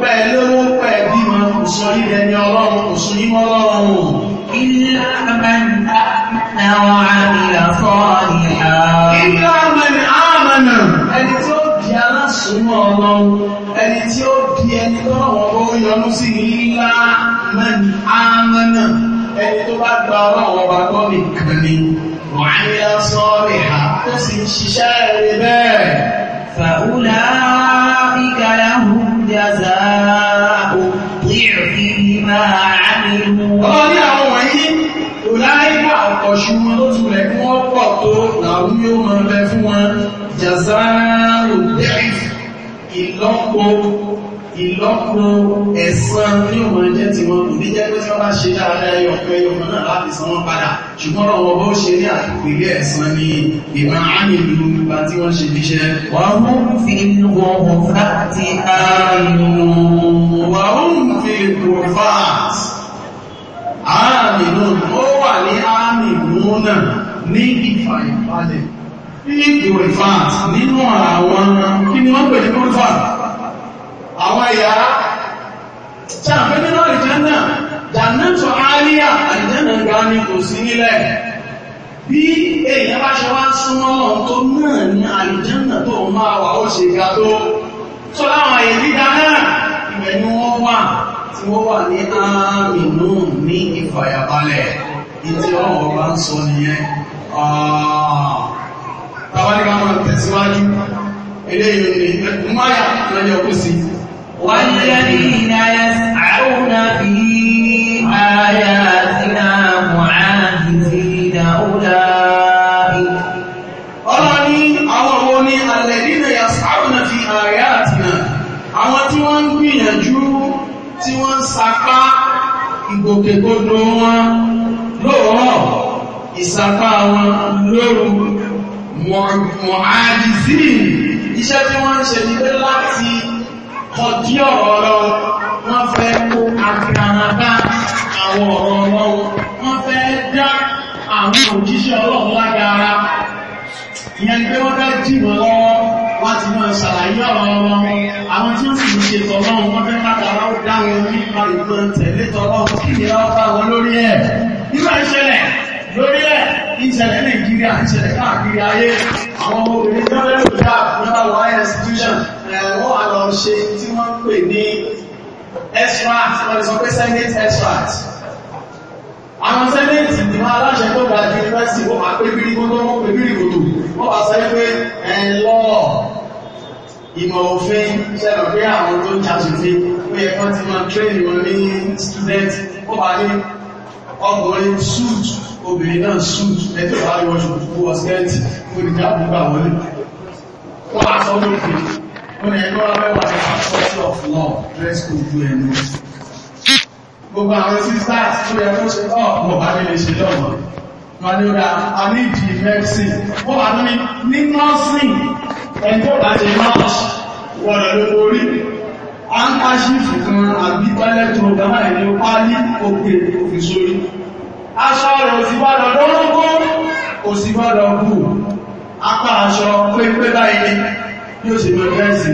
pẹ̀lú pẹ̀bí ma kò sọ ilẹ̀ ẹni ọlọ́run kò sọ yímọ́ ọlọ́run ilẹ̀ àmàlà àwọn àmì àfọ́ àmì àmì àmì àmì àmì àmì súnmọ́ ọlọ́run ẹni tí ó di ẹni tó náà wọ́n bó yọnú sí nílá náà ni ámánà ẹni tó bá gba ọlọ́run ọba gbọ́ nìkan ni wọ́n á yá sọ́ọ̀rì ha tó sì ń ṣiṣẹ́ rẹ̀ bẹ́ẹ̀ fàúlà ìkàlà hùn ìlọ́po ìlọ́po ẹ̀san ní ọmọ ẹjẹ́ tí wọ́n kò ní jẹ́ pé tí wọ́n bá ṣe dáadáa ẹyọ pé ọmọ náà láti san wọ́n padà ṣùgbọ́n ọmọ bó ṣe ní àpèlé ẹ̀san ní ìmọ̀ àmìlú nípa tí wọ́n ṣe níṣẹ́ wọ́n ní ààrùn ìgbòrìfàt nínú àwọn kí ni wọ́n pè ní gbòrìfàt àwọn ẹ̀yà ṣàfẹ́ nínú àrìjánà jàndàtò àríyà àrìjánà gbá ní kò sí nílẹ̀ bí èèyàn bá ṣe wá súnmọ́ lọ́n tó náà ní àrìjánà tó máa wà ó ṣe ga tó tó láwọn àyè dídá náà ibẹ̀ ni wọ́n wà tí wọ́n wà ní àmìnú ní ìfàyàbalẹ̀ ìtí ọ̀rọ̀ tàwọn ní ká máa tẹ̀síwájú eléyìí ni ẹkùnmáyà lọ́jọ́ kó sí wọ́n yẹ́ ní ìnáyà àwọn àbí ayà àti náà mọ̀ áàdìdì ìdáúdá ọlọ́ni àwọn ọmọ ní alẹ́dínà yà sáàrùnà fi ààrẹ àtìnà wọn lóòrọ̀ ìsapá wọn lóòrùn mọ̀ádìsí iṣẹ́ tí wọ́n ń ṣe ní pé láti kọjí ọ̀rọ̀ ọlọ́run wọ́n fẹ́ kó agbáradá àwọn ọ̀rọ̀ ọlọ́run wọ́n fẹ́ dá àwọn òjíṣẹ́ ọlọ́run lágara ìyẹn pé wọ́n fẹ́ jìmọ̀ lọ́wọ́ láti máa ṣàlàyé ọ̀rọ̀ ọlọ́run àwọn tí ó sì ń ṣe tọ́lọ́run wọ́n fẹ́ kátàrá ó dá wọn nípa ìgbọ̀n tẹ̀lé tọ́lọ́run kí ìyẹn wọ́n wọn lórí ẹ̀ nígbà ìṣẹ̀lẹ̀ lórí ẹ̀ ìṣẹ̀lẹ̀ nàìjíríà ìṣẹ̀lẹ̀ káàkiri ayé àwọn ọmọ obìnrin tó lẹ́rù já nípa lọ institution ẹ̀wọ́n àlọ́ ṣe tí wọ́n pè ní extract wọ́n sọ pé senate extract àwọn senate ìgbìmọ̀ aláṣẹ tó ga ju university wọ́n máa pé bírígbó tó wọ́n pé bírígbó tó wọ́n wá sọ pé ẹ̀ eh, lọ́ ìmọ̀ òfin ṣẹlẹ̀ pé àwọn tó ń jàṣòfin ó yẹ kán ti máa train wọn ní student ó wà ní ọkùnrin suit obìnrin náà suit ẹ̀tọ́ bá yọ fún ọ̀skẹ́ẹ̀tì fún ìjáàbù wọlé wọ́n bá sọ lókè wọ́n ni ẹgbẹ́ wọ́n ní faculty of law dress code fún ẹnu gbogbo àwọn sisters tó yẹ fún ṣe ọ̀pọ̀ oh, bá nílé ṣe lọ́wọ́ wọ́n ni ó dá a ní ìjì medicine wọ́n wà ní ní nursing ẹjọ́ bá ṣe nurse wọ́n lọ lórí ankaṣífù kan àbí toilet roll gbàmáyé ní pálí òkè òfin sórí aṣọ rẹ̀ ò sì gbọ́dọ̀ lórúkú ò sì gbọ́dọ̀ bù apá aṣọ pépé báyìí ní ó sì lọ bẹ́ẹ̀ sí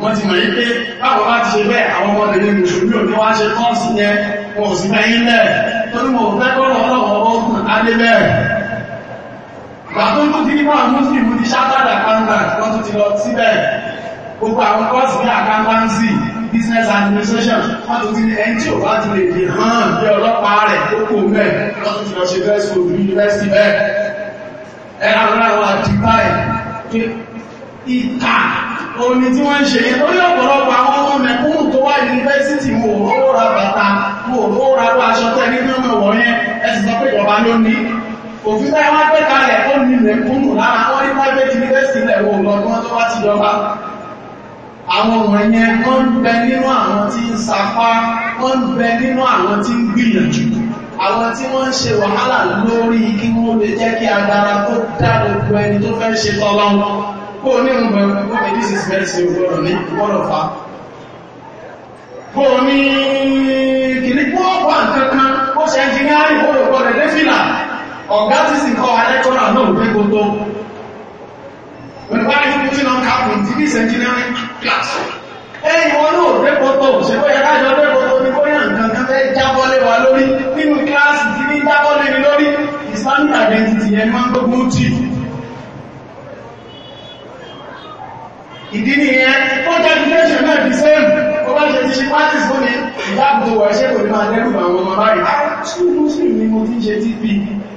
wọ́n ti mọ̀ yí pé báwo bá ti ṣe bẹ́ẹ̀ àwọn ọmọdé ní mùsùlùmí ò ní wá ṣe kọ́ọ̀sì yẹn wọn ò sì fẹ́ yí lẹ̀ business administration wọ́n ti ní ẹni tí ò bá ti lè fi hàn bí ọlọ́pàá rẹ̀ tó kò mẹ́ lọ́tún ti lọ ṣe bẹ́ẹ̀ sí òbí yunifásitì bẹ́ẹ̀ ẹ̀rọ aláwọ̀ àdìbá ẹ̀ ìta òní tí wọ́n ń ṣe ó ní ọ̀pọ̀lọpọ̀ àwọn ọmọ mẹ́kúnmù tó wà yunifásitì mò ó ra bàtà mò ó ra lọ aṣọ tẹ́ ní nọ́mọ̀ wọ̀nyẹn ẹ sì sọ pé ìjọba ló ní òfin táyà wá pẹ́ kalẹ̀ ó ní mẹ́kúnmù lára wọ́n ní private university lẹ̀ wò lọ́gbọ́n tó wá ti jọba àwọn wọ̀nyẹ wọ́n ń bẹ nínú àwọn tí ń sapá wọ́n ń bẹ nínú àwọn tí ń gbìyànjú àwọn tí wọ́n ń ṣe wàhálà lórí kí wọ́n lè jẹ́ kí agbára tó dáre ju ẹni tó fẹ́ ṣe tọ́lọ́wọ́ kó ní ọ̀gá tí sì kọ́ alẹ́kọ́nà náà gbé gbogbo When are you putting on cap in this engineering class. Ẹ̀yìn wọn náà rẹ́pọ̀tọ̀ òṣèwọ́ yẹ kájọ rẹ́pọ̀tọ̀ ní bóyá nǹkan kan fẹ́ jábọ́lé wa lórí nínú kíláàsì tí ní jábọ́lé mi lórí Islamic identity yẹn máa ń gbogbo jì. Ìdí nìyẹn, ó jẹ́ ìdílẹ́ṣẹ̀ náà di sẹ́ẹ̀mù, ó bá ṣe ti ṣe pátìs fún mi, ìyáàbò ẹ̀ṣẹ́ kò ní máa dẹ́rù àwọn ọmọ báyìí. Ṣé Muslim ni mo ti ń ṣe TP?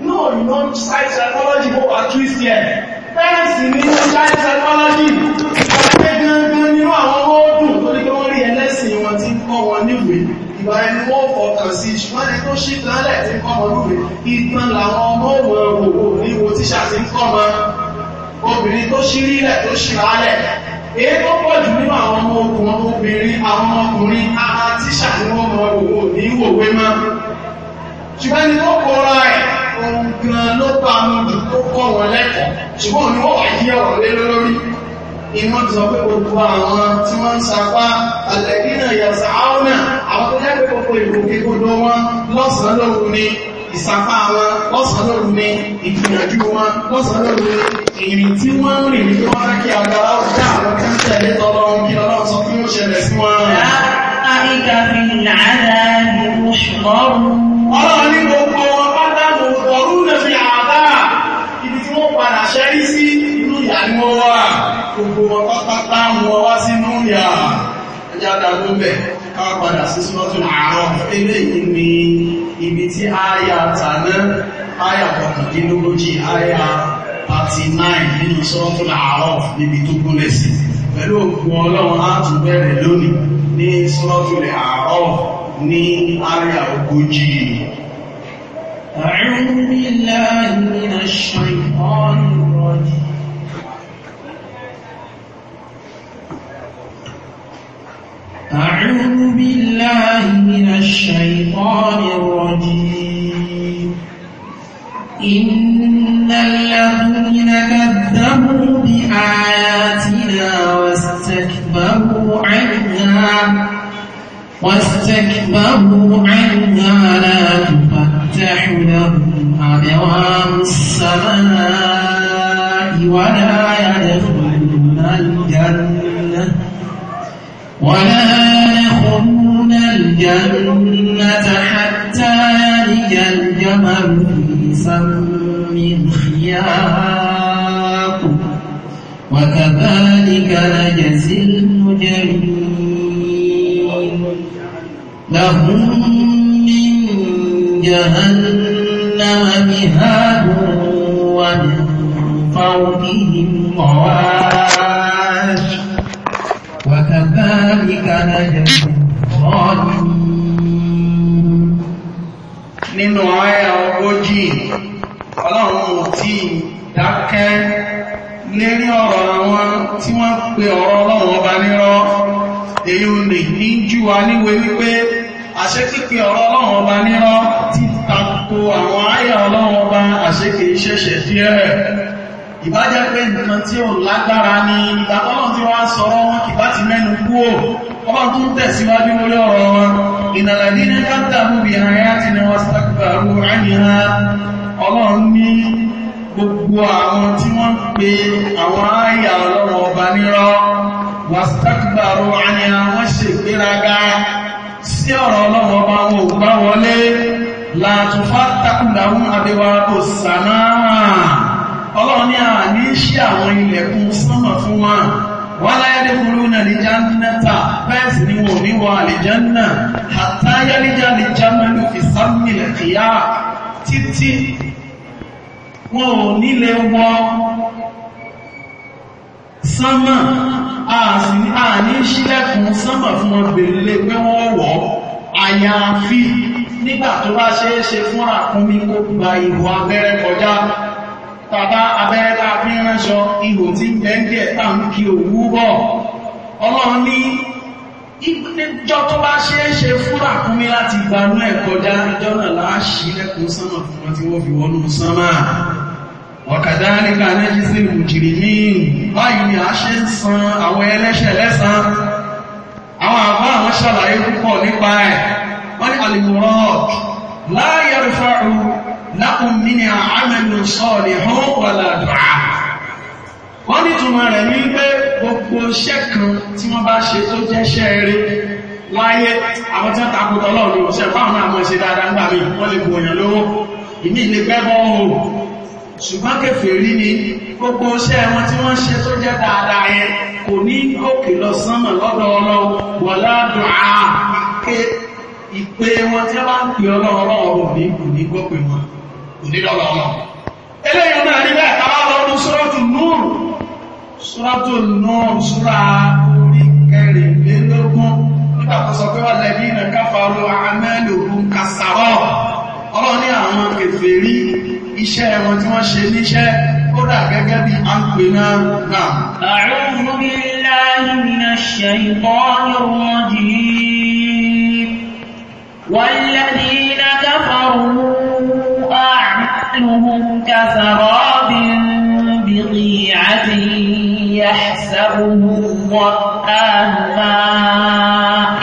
No, you know, science psychology go at least here fẹ́ẹ̀sì ní science psychology ọ̀pẹ́ gangan nínú àwọn ọdún tó ní pé wọ́n rí ẹlẹ́sìn wọn tí kọ́ wọn níwèé ìgbà ẹni wọ́n fọkàn sí ṣùgbọ́n ẹni tó ṣì tánlẹ̀ tí kọ́ wọn níwèé ìtàn làwọn ọmọ òun òwò ní wo tíṣà tí ń kọ́ wọn obìnrin tó ṣí rílẹ̀ tó ṣì rálẹ̀ èyí tó pọ̀ jù nínú àwọn ọmọ ogun obìnrin àwọn ọkùnrin ara tíṣà tí wọ́n mọ òwò ní ìwòwé mọ́ ṣùgbọ́n ẹni tó kọ́ra ẹ̀ ohun gan ló bá mú tó kọ́ wọn lẹ́kọ̀ọ́ ṣùgbọ́n ni wọ́n wà yí ọ̀rọ̀ lé lórí ìwọ́n ti sọ pé gbogbo àwọn tí wọ́n ń sapá alẹ́dínà yàtà áwọ́nà àwọn ìsapá wọn lọ́sàn lóru ìgbìyànjú wọn lọ́sàn lóru ìrìn tí wọ́n rìn ní wọ́n kí agbára ọjọ́ àwọn tó ń tẹ̀lé tọ́lọ́run kí ọlọ́run sọ fún ó ṣẹlẹ̀ sí wọn. mú ọwá sínú yà ẹjá dàgbó bẹ̀ káwà padà sí sọ́tún àárọ̀ ilé ìní ibi tí àyà tàná àyà kọkàndínlógójì àyà 39 nínú sọ́tún àárọ̀ níbi tó gúnlẹ̀ sí pẹ̀lú òkun ọlọ́run á tún lónìí ní أعوذ بالله من الشيطان الرجيم أعوذ بالله من الشيطان الرجيم إن الذين كذبوا بآياتنا واستكبروا عنها واستكبروا عنها لا تفتح لهم أبواب السماء ولا يدخلون ولا يخرون الجنة حتى يلج الجمل في سم وكذلك نجزي المجرمين لهم من جهنم مهاد ومن فوقهم غوار كذلك نجزي الظالمين nínú àyà ogójì ọlọ́run ò tí dákẹ́ lérí ọ̀rọ̀ àwọn tí wọ́n pe ọ̀rọ̀ ọlọ́run ọba nírọ́ èyí ò lè ní jù wá níwé wípé àṣẹ́kípe ọ̀rọ̀ ọlọ́run ọba nírọ́ ti tako àwọn àyà ọlọ́run ọba àṣẹ́kì ìṣẹ́ṣẹ̀ díẹ̀ ìbájẹ́ pé nǹkan tí ó lágbára ní ìgbàtọ́lọ́n tí wọ́n sọ̀rọ̀ wọn kìbá ti mẹ́nu kú ò ọba tó ń tẹ̀síwájú lórí ọ̀rọ̀ wọn ìnàlàdí ní kántàbù bí àyá ti ní wọ́n sàkàrù àníhá ọlọ́run ní gbogbo àwọn tí wọ́n pe àwọn àyà ọlọ́run látùfá takùdàrún àbẹ̀wà kò sàmáà ọlọ́run ní àwọn ní ṣí àwọn ilẹ̀kùn sánmà fún wa wà láyẹ́dẹ́ kúrú náà ní jánátà bẹ́ẹ̀sì ni wọ́n ní wọ́n àlìjánà àtayálíjá ní jámánù fi sámìlẹ̀ ìyá títí wọn ò nílẹ̀ wọ sánmà àní ṣílẹ̀kùn sánmà fún wọn bèèrè pé wọ́n wọ́ àyàfi nígbà tó bá ṣeéṣe fún àkúnmí kó gba ìwọ̀ abẹ́rẹ́ kọjá tàbá abẹ́rẹ́lá fi ránṣọ ihò tí ń bẹ́ ń díẹ̀ tàà ń kí òwú bọ̀ ọlọ́run ní ìjọ tó bá ṣe é ṣe fúrà kún mí láti gbanú ẹ̀ kọjá ìjọ náà láàṣì lẹ́kùn sánmà fún wọn tí wọ́n fi wọnú sánmà ọ̀kàdá nípa anẹ́jì sí ìrùjìrì ní báyìí ni a ṣe ń san àwọn ẹlẹ́ṣẹ̀ lẹ́san àwọn àbá àwọn ṣàlàyé púpọ̀ nípa ẹ̀ wọ́n ní alìmọ̀rọ̀ lákùn mí ni àmẹ́lú sọ́ọ̀lì hàn wàlà dùá wọ́n ní túnmọ̀ rẹ̀ ní pé gbogbo iṣẹ́ kan tí wọ́n bá ṣe tó jẹ́ iṣẹ́ eré láyé àwọn ni gbogbo iṣẹ́ wọn tí wọ́n ṣe tó jẹ́ dáadáa yẹn kò ní òkè lọ sánmà lọ́dọ̀ ọlọ́run wọ̀lá dùá ké ìpè wọn tí wọ́n bá ń pè ọlọ́run ọlọ́run ò ní kò ní gbọ́ pè wọn onídọ́lọ́ ọmọ eléyìn náà rí bẹ́ẹ̀ káwà lọ́dún sọ́rọ̀tù núùrù sọ́rọ̀tù núùrù súra orí kẹrìnlélógún nígbàtọ́sọ pé wà lẹ́bí ìrìn káfàró àmẹ́lò ohun kàsàrọ̀ ọlọ́ni àwọn kèfèrí iṣẹ́ wọn tí wọ́n ṣe níṣẹ́ ó dà gẹ́gẹ́ bí a ń pè náà náà أعوذ بالله من الشيطان الرجيم والذين كفروا كسراب بقيعة يحسبه الظآن ماء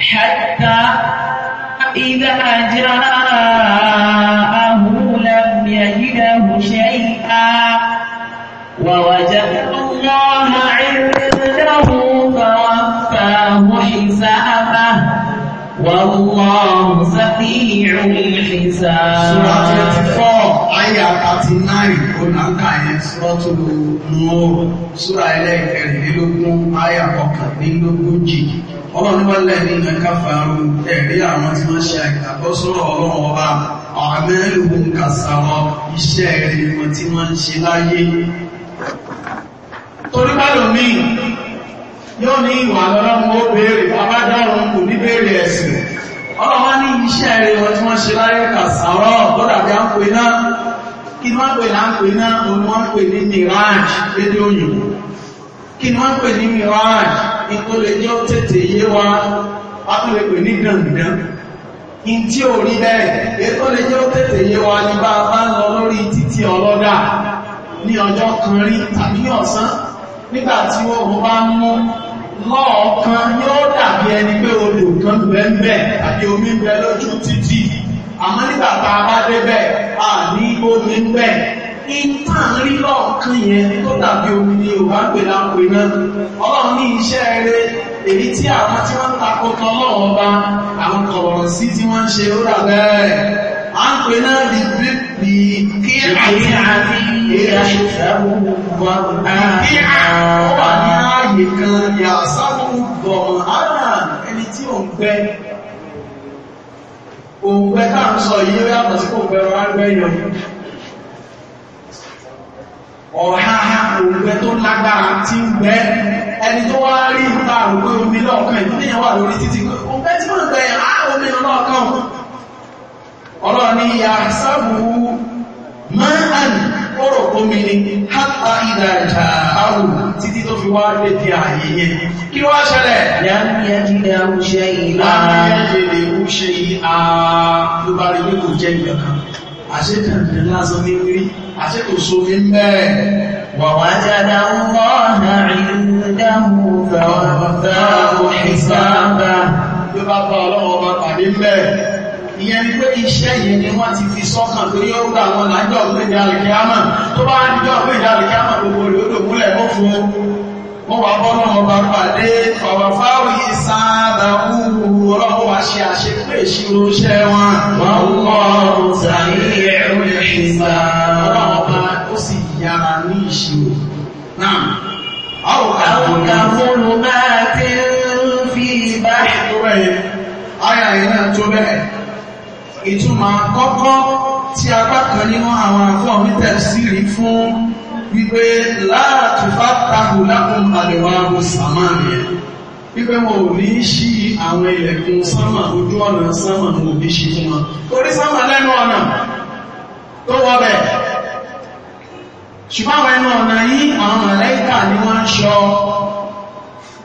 حتى إذا جاءه لم يجده شيئا ووجد الله عنده فوفاه حسابه والله سريع الحساب 39 onáka yẹn sọ́tùlù mọ́ọ̀rọ̀ súra ẹlẹ́ẹ̀kẹrìnlélógún àyà ọ̀kànlélógójì ọlọ́run ní wọ́n lẹ́ni ẹ̀ka faru ẹ̀rí àwọn tí wọ́n ṣe àgbàkọ́sọ́rọ̀ ọlọ́run ọba ọ̀mẹ́lùmún kàsàrọ̀ iṣẹ́ ẹ̀rí wọn tí wọ́n ń ṣe láyé torí bálò mí yóò ní ìwà lọ́rọ̀ ó béèrè bàbá dárùn kò ní béèrè ẹ̀sìn ọlọ́wọ́n ní iṣẹ́ ẹ̀rí wọn tí wọ́n ṣe láyé kàsàrọ̀ tó dàbí àpò iná kí ni wọ́n pè náà pè náà òun wọ́n pè ní mirage lédè òyìnbó kí wọ́n pè ní mirage ní tó lè jẹ́ ó tètè yé wa wọ́n tó lè pè ní dandan in tí ò rí bẹ́ẹ̀ èyí tó lè jẹ́ ó tètè yé wa ní bá bá ń lọ lórí títí ọlọ́dà ní ọjọ́ kan rí tàbí ọ̀sán nígbà tí oòrùn bá ń mú lọ́ọ̀kan yóò dàbí ẹni àmọ́ nígbà tá a bá débẹ̀ a ní omi ń bẹ̀ ìta rí lọ́ọ̀kan yẹn tó dàbí omi ni ò bá ń pè lápè náà ọlọ́run ní iṣẹ́ eré èyí tí àwọn tí wọ́n ń takọtọ ọlọ́run ọba àwọn kọ̀ọ̀rọ̀ sí tí wọ́n ń ṣe ó rà bẹ́ẹ̀ a ń pè náà lè gbé bí kí àti àti èyí ṣe fẹ́ òǹgbẹ́ tá ń sọ yìí yàtọ̀ sí òǹgbẹ́ rọra gbẹ́yọ ọ̀háhá òǹgbẹ́ tó lágbára tí ń gbẹ́ ẹni tó wá rí ìta òǹgbẹ́ omi lọ́ọ̀kan ìdíyàn wà lórí títí òǹgbẹ́ tí omi ni hátà ìdájà àrùn títí tó fi wá lè di ààyè yẹn kí wá ṣẹlẹ̀ yàmìyàjìdà òṣè ìlà ààyè òṣè ìhà ló bá rí ní kò jẹ́ ìgbẹ̀kan àṣẹ́kàndẹ̀ lásán ní ìyẹn ni pé iṣẹ́ yẹn ni wọ́n ti fi sọ́kàn tó yóò gbà wọn lájọ́ ògbèdè alìkíámà tó bá níjọ́ ògbèdè alìkíámà gbogbo olóòdò múlẹ̀ ó fún wọ́n wà bọ́nà ọba pàdé fàwàfáwì sáàdà wúwú ọlọ́wọ́ wá ṣe àṣepé ìṣirò iṣẹ́ wọn wọ́n kọ́ sàárẹ̀ ẹ̀rọ ìṣẹ́ ìtumọ̀ àkọ́kọ́ tí apá kan nínú àwọn àfọ́ mítẹ̀sírí fún wípé láàtùfá tàbù lákùn àdẹ̀wà àbò sàmáàmì wípé wọn ò ní ṣí àwọn ilẹ̀kùn sánmà ojú ọ̀nà sánmà ní òbí ṣe fún wọn torí sánmà lẹ́nu ọ̀nà tó wọ́ bẹ̀ ṣùgbọ́n ni wọ́n ń ṣọ́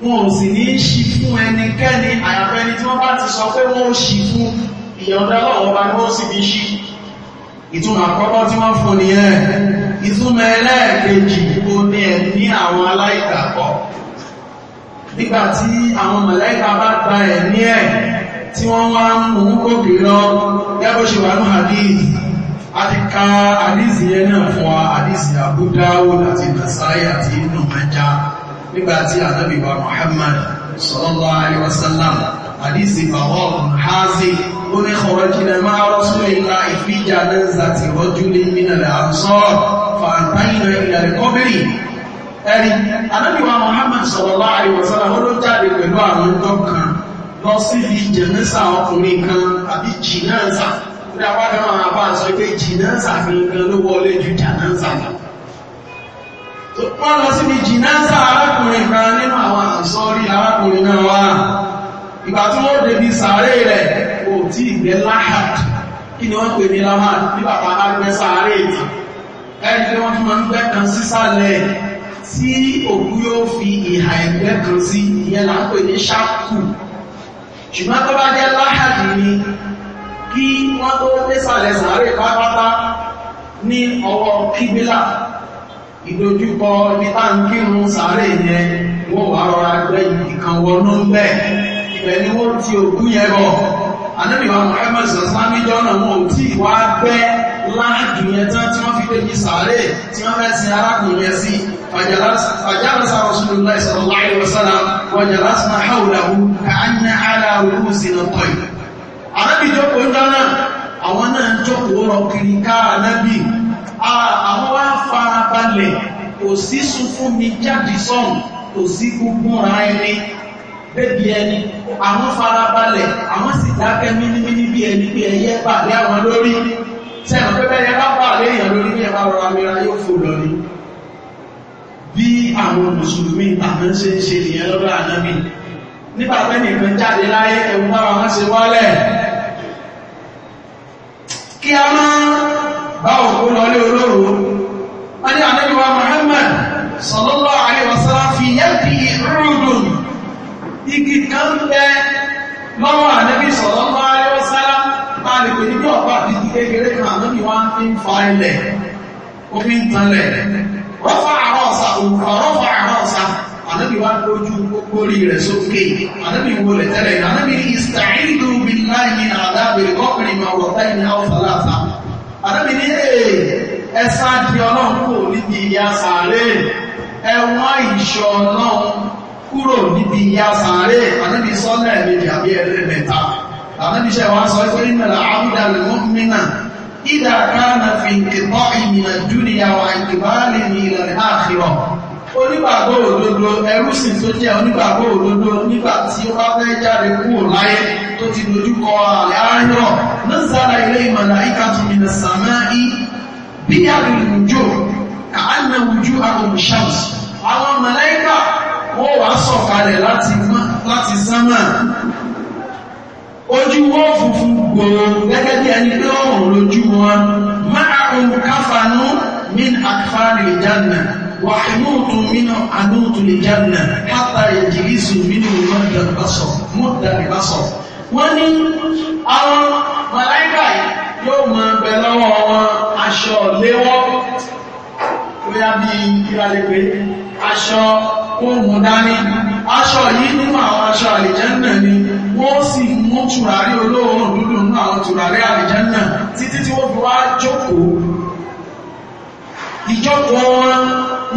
wọn ò sì ní ṣí fún ẹnikẹ́ni àyàfẹ́ni tí wọ́n bá ti sọ pé wọ́n ó ṣí fún ìyọ̀ndá lọ́wọ́ bá ní ó sì bí ṣí ìtumọ̀ àkọ́kọ́ tí wọ́n fún ní ẹ̀ ìtumọ̀ ẹlẹ́ẹ̀kejì ó ní ẹ̀ ní àwọn aláìgbàgbọ́ nígbàtí àwọn mọ̀lẹ́gbà bá gba ẹ̀ ní ẹ̀ tí wọ́n wá ń mú kókè lọ gẹ́gbó ṣe wà ní hadith àti ka hadith yẹn náà fún wa hadith Abu Dawud àti Nasai àti Ibn Majah nígbàtí ànábì wa Muhammad sallallahu alaihi wasallam hadith ìbàwọ̀ ọ̀hún ó ní kọ̀rọ̀jìnà máa rọ́sùn ìlà ìfíjà lẹ́nzà ti rọ́jú lé mínàlẹ̀ àmsọ́ fàntàyìnà ìlàlẹ̀ kọ́bìrì ẹni anábíwá Muhammad sallallahu alaihi wasallam ó ló jáde pẹ̀lú àwọn dọ́kan lọ sí fi jẹ̀nẹ́sà ọkùnrin kan àbí jìnáǹsà ó dá wájú àwọn àbá sọ pé jìnáǹsà fi nǹkan ló wọlé ju jànáǹsà lọ wọ́n lọ síbi jìnáǹsà arákùnrin kan nínú àwọn àṣọ́rí arákùnrin náà wá ìgbà tí wọ́n débi sàárè rẹ̀ tí ìgbẹ́ láhàd kí ni wọ́n pè ní láhàd ní bàbá agbẹ́ sáré ìtì ẹni tí wọ́n fi máa ń gbẹ́ kan sísàlẹ̀ tí òkú yóò fi ìhà ẹ̀gbẹ́ kan sí ìyẹn là ń pè ní ṣákù ṣùgbọ́n tó bá jẹ́ láhàd ni kí wọ́n tó désàlẹ̀ sáré pátápátá ní ọwọ́ kíbílà ìdojúkọ ní táǹkìrún sáré yẹn wọ́n wà rọra gbẹ́ ìkànwọ́nú bẹ́ẹ̀ ibẹ̀ ni wọ́n ti òkú yẹn bọ̀ anábìwá Muhammad sàlámì jọ́nà wọn ò tí wá gbẹ́ láàdì yẹn tán tí wọ́n fi pé kí sàárè tí wọ́n fẹ́ sin arákùnrin yẹn sí fajalasa Rasulullah sallallahu alaihi wasallam wajalasna hawlahu ka'anna ala ru'usina at-tayr anábì jókòó ń dáná àwọn náà ń jókòó rọ kiri ká anábì àwọn wá farabalẹ̀ kò sí sun mi jáde sọ́hùn kò sí gbogbo ra ẹni débi ẹni àwọn farabalẹ̀ àwọn sì dákẹ́ mímímí bí ẹni bí ẹyẹ pàdé àwọn lórí sẹ́nà pẹ́pẹ́ yẹ bá pàdé èèyàn lórí ní ẹ̀bá rọra mìíra yóò fò lọ ní bí àwọn mùsùlùmí àwọn ṣe ń ṣe nìyẹn lọ́dọ̀ ànábì nígbà pé nìkan jáde láyé ẹ̀wù bára wọn ṣe wálẹ̀ kí a máa bá òkú lọlé olóró wọ́n ní ànábì wa Muhammad sallallahu alaihi fi yẹ́ igi kan bẹ lọ́wọ́ ànábì sọ̀rọ̀ máa sálá máa lè pè ní bí ọ̀pá àti igi kékeré kan ànábì wá fi ń fa ilẹ̀ ó fi ń tanlẹ̀ rọ́fà àrọ́ ọ̀sà òkúra rọ́fà àrọ́ ọ̀sà ànábì wá lójú kórí rẹ̀ sókè ànábì wọlé tẹ́lẹ̀ di ọlọ́run kò níbi ìyá sàárè ẹ̀wọ́n ìṣọ̀ ọlọ́run kúrò níbi ìyà sàárè ànábì sọ́lẹ̀ méjì àbí ẹ̀rẹ́ mẹ́ta ànábì ṣe wá sọ pé ìmẹ̀lá àbúdà lè mọ́ mínà ìdá káàna fi ìtọ́ ìmìnà dúnìyàwó ìgbàlè ní ilẹ̀ àkírọ̀ onígbàgbọ́ òdodo ẹrúsìn tó jẹ́ onígbàgbọ́ òdodo nígbà tí ó bá fẹ́ jáde kúrò láyé tó ti dojúkọ àlẹ́ àárọ̀ náà sára ilé ìmọ̀lá ìkàtùmìnà sàmá ì bí àrùn ìrùjò kàánà ojú àrùn ṣàmùsì àwọn màláíkà wọ́n wá sọ̀kalẹ̀ láti sánmà ojú wọ́n funfun gbòòrò gẹ́gẹ́ bí ẹni pé ọ̀rùn lójú wọn máa ń káfanú min àkfàrí ìjánà wà inúùtù mínú àdúùtù ìjánà látà ìjìlísù mínú mọ́dàbásọ̀ wọ́n ní àwọn màláíkà yóò máa bẹ wọn aṣọ léwọ́ bí a bí ìrànlẹ̀ pé aṣọ ohun dání aṣọ yìí nínú àwọn aṣọ àlìjẹ́nà ni wọ́n sì mú tùràrí olóòórùn dúdú nínú àwọn tùràrí àlìjẹ́nà títí tí wọ́n fi wá jókòó ìjókòó wọn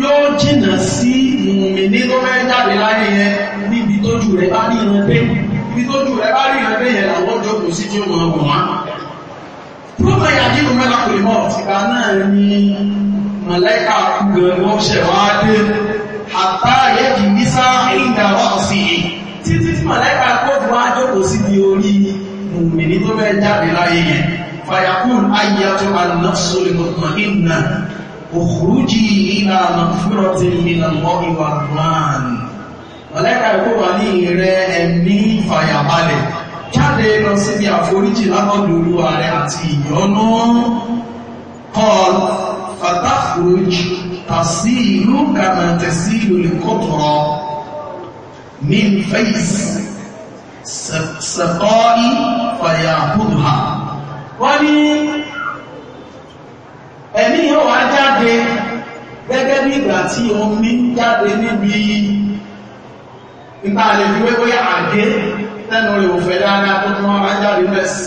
yóò jìnà sí ìmìnì tó fẹ́ jáde láyé yẹn níbi tójú rẹ̀ bá rí ìran pé ibi tójú rẹ̀ bá rí ìran pé yẹn làwọn jókòó sí tí ó mọ̀ ọ̀gbọ̀n wá. Rúbọ̀ ìyàjí ló mẹ́lá pè mọ́ ọ̀tìgbà náà ni mọ̀lẹ́kà kúgbẹ̀ wọ́n ṣẹ̀ wá dé àtàyẹ́ kì ní sáà ìdàwọ́ sí i títí mọ̀lẹ́kà kóòdù wá jókòó sí ní orí mùmìnì tó bẹ́ jáde láyé yẹn fàyàkùn ayyàtò alìnàṣòlùmọ̀ ìnà òkúrújì ìlànà fúrọ̀tì ìlànà ìwà rán mọ̀lẹ́kà ikú فتخرج تصيل كما تسيل القطرة من فيس سقاء فيأخذها wọ́n ní ẹ̀mí yóò wá jáde gẹ́gẹ́ bí ìgbà tí omi jáde níbi nípa àlèfiwé bóyá àgé tẹ́nu rẹ̀ òfẹ́ dáadáa tó tún wá jáde mẹ́sì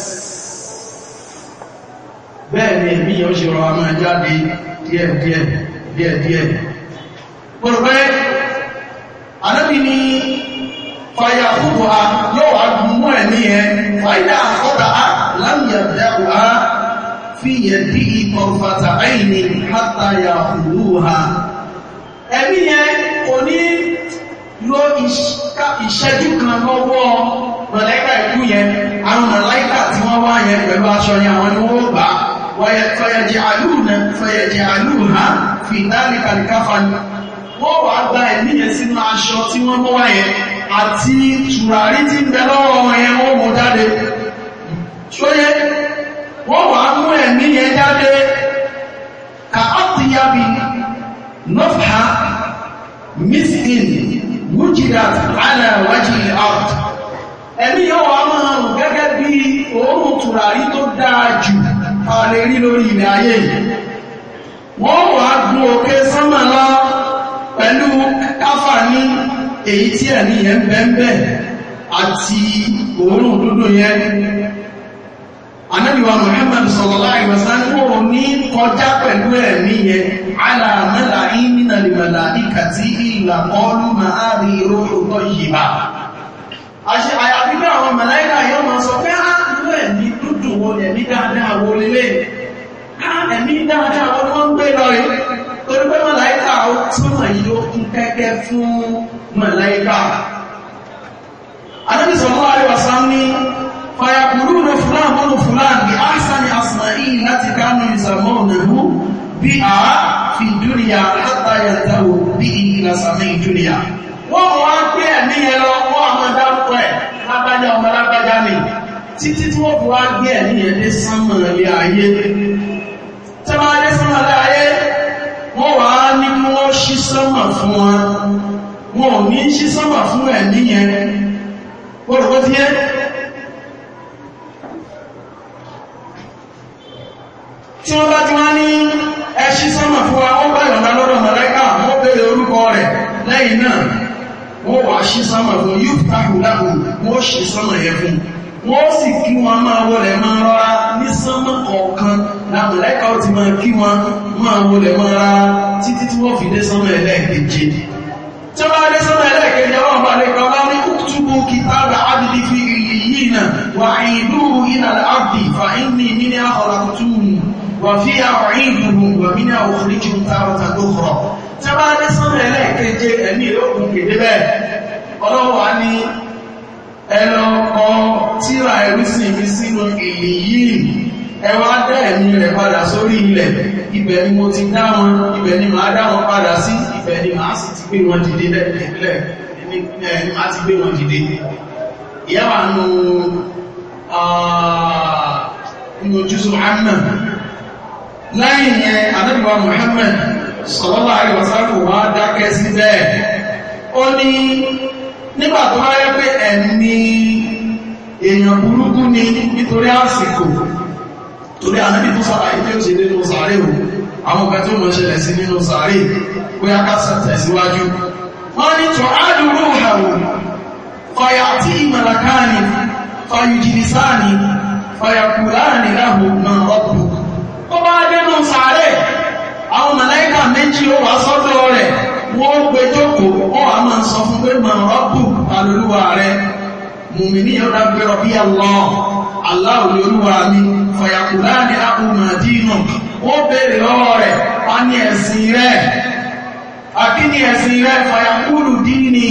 bẹ́ẹ̀ ni ẹ̀mí yóò ṣe rọra máa jáde díẹ̀díẹ̀ díẹ̀díẹ̀ pọ̀lọ̀pẹ́ anábì ni fàyà púpọ̀ a yóò wà mú ẹ̀mí ẹ fàyà àkọ́dà á lámìyàbẹ̀wò á fi yẹ bí ìtọ̀fàtà àìní látàyà òwú ha ẹ̀mí yẹ kò ní ló ìṣẹ́jú kan lọ́wọ́ mọ̀lẹ́kà ìkú yẹn àwọn mọ̀lẹ́kà tí wọ́n wá yẹn pẹ̀lú aṣọ yẹn àwọn ni wọ́n gbàá fọ̀yẹ̀dìálùhà fi ìdáríkàlìkáfàní wọ́n wà gba ẹ̀míyẹ sínú aṣọ tí wọ́n mọ́ wáyẹ àti tùràrí tí ń bẹ lọ́wọ́ yẹn wọ́n mú jáde ṣóyẹ́ wọ́n wà mú ẹ̀míyẹ jáde ka ọ́tìyàbí nọ́fà miskin wujidat ala wájì art ẹ̀mí yóò wà máa gẹ́gẹ́ bí òórùn tùràrí tó dáa jù ta lè rí lórí ilẹ̀ ayé yìí wọ́n wà gún òkè sánmàlá pẹ̀lú káfà ní èyí tí ẹ̀mí yẹn bẹ́ẹ̀bẹ́ àti òórùn dúdú yẹn anábíwa Muhammad sallallahu alaihi wasallam ní kọjá pẹ̀lú ẹ̀mí yẹn alàmẹ́là ìmìnà lèmọ̀lá ìkàtí ìlàkọ́lù máa rí róòtọ́ yìí bá àṣẹ àyàbíbẹ̀ àwọn mẹ̀láìkà yọ́ ma sọ pé wo ẹ̀mí dáadáa wo lélẹ̀ á ẹ̀mí dáadáa wọn wọ́n ń gbé lọ rí torí pé màláìkà ó túmọ̀ yìí ó kún kẹ́kẹ́ fún màláìkà Ànábì sallallahu alaihi wasallam ní fàyàkùrú rẹ̀ fúlàn mọ́nù fúlàn bí áṣà ni àṣà yìí láti kánú ìsàmọ́ ònàrú bí a fi dúnìyà látàyàtàwò bí ìlàsàmì ìdúnìyà wọ́n wọ́n pé ẹ̀mí yẹn lọ wọ́n àmọ́ dárúkọ ẹ̀ lágbájá ọmọ lágbájá nìyí títí tí wọ́n wá gbé ẹ̀mí ẹ̀ dé sánmà lé ayé tí wọ́n dé sánmà lé ayé wọ́n wá ní kí wọ́n ṣí sánmà fún wọn wọn ò ní ṣí sánmà fún ẹ̀mí yẹn olùkọ́ ti yẹ́ tí wọ́n bá ti wá ní ẹṣí sánmà fún wa wọ́n bá yọ̀nà lọ́dọ̀ mọ̀lẹ́kà wọ́n bèèrè orúkọ rẹ̀ wọ́n sì kí wọn máa wọlé máa rọra ní sánmọ́ kọ̀ọ̀kan láwọn ẹ̀lẹ́kà ó ti máa kí wọn máa wọlé máa rárá títí tí wọ́n fi dé sánmọ́ ẹlẹ́ẹ̀keje tí ó bá dé sánmọ́ ẹlẹ́ẹ̀keje wọ́n bá lè kọ́ bá ní uktubu kitaba abdi fi iliyina wa iduhu ila al-abdi fa inni minha khalaqtuhu wa ẹlọ́kọ́ tíra ẹ̀rísì mi sínú èyí yìí ẹwà dẹ́ ẹ̀mí rẹ̀ padà sórí ilẹ̀ ibẹ̀ ni mo ti dá wọn ibẹ̀ ni màá dá wọn padà sí ibẹ̀ ni màá sì ti gbé wọn dìde lẹ́ẹ̀lẹ́ ni màá ti gbé wọn dìde ìyáwà nù inú ojúṣù Muhammad lẹ́yìn yẹn anábìwá Muhammad sallallahu alaihi wasallam wá dákẹ́ sí bẹ́ẹ̀ ó ní nígbà tó bá yẹ pé ẹ̀mí èèyàn burúkú ni nítorí àsìkò torí àmì tó sára ilé òṣè nínú sàárè ò àwọn ọ̀gá tó mọ̀ ṣẹlẹ̀ sí nínú sàárè bóyá ká tẹ̀síwájú wọ́n ní tó ádùrú ìhàwò fàyà tí ìmọ̀lákáàni fàyùjìnisáàni fàyàkùláàni láhù náà ọ̀pù ó bá dé nínú sàárè àwọn màláíkà méjì ó wà sọ́dọ̀ rẹ̀ wọ́n gbé jókòó wọ́n a máa sọ fún pé màá rọ́pù alolúwa rẹ̀ mùmí ní ọ̀dà pé ọ̀bí àlọ́ aláwò ní olúwa mi fàyàkùlá ní àkùnmọ̀ dínà wọ́n béèrè lọ́wọ́ rẹ̀ a ní ẹ̀sìn rẹ̀ àbí ẹ̀sìn rẹ̀ fàyàkùlù dínì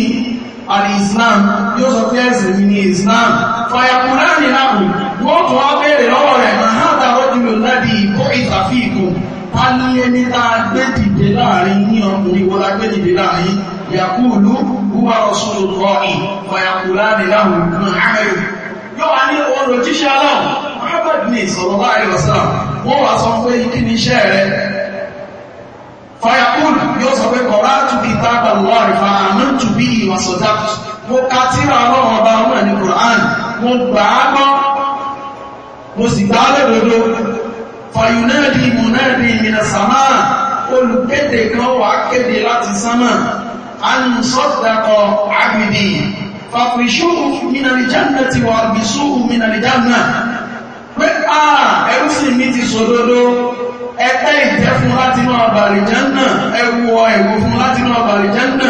al-islam yóò sọ pé ẹ̀sìn mi ní islam fàyàkùlá ní àkùn wọ́n tún wá béèrè lọ́wọ́ rẹ̀ màá hàn tàwọn jùlọ ìkó ìtàfíìkù ta ẹni tá a gbé dìde láàrin ní ọkùnrin wọ́n lágbé dìde láàrin yàkúlù huwa rasulullahi fayaqulani lahu kan amẹ́rù yóò wá ní ọrọ̀ jíṣẹ́ aláwọ̀ Muhammad ní sallallahu alaihi wasallam wọ́n wá sọ pé kí ni iṣẹ́ rẹ̀ fayaqul yóò sọ ní Qur'an mo gbà á gbọ́ mo sì gbà á lẹ́gbẹ̀dọ́ fayunadi munadi olùkéde kan wà kéde láti sánmà anùsọ́dàkọ̀ àbìdì fàfìṣúhù mínàlìjánà ti wà bìṣúhù mínàlìjánà pé à ẹrúsì mi ti sòdodo ẹgbẹ́ ìjẹ́ fún láti máa bàrìjánà ẹwọ ẹ̀wọ̀ fún láti máa bàrìjánà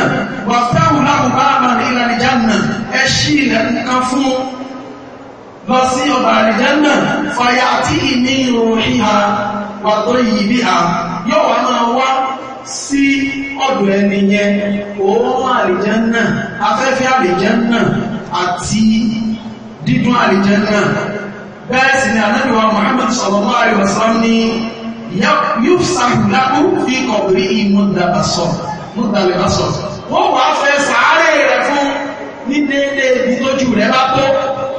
wà fẹ́hù láàbùbá àbàrì ìlànìjánà wàtọ́ yìí bí a yóò wá máa wá sí ọ̀dọ̀ ẹni yẹn òórùn àlìjẹ́nà afẹ́fẹ́ àlìjẹ́nà àti dídùn àlìjẹ́nà bẹ́ẹ̀ sì ni Ànábì wa Muhammad sallallahu alaihi wasallam ní yóò sàkùnlákú fi kọ̀bìrí ìmúdàbàsọ̀ múdàlẹ̀bàsọ̀ wọ́n wá fẹ́ sàárè rẹ̀ fún ní déédéé ibi tójú rẹ̀ bá tó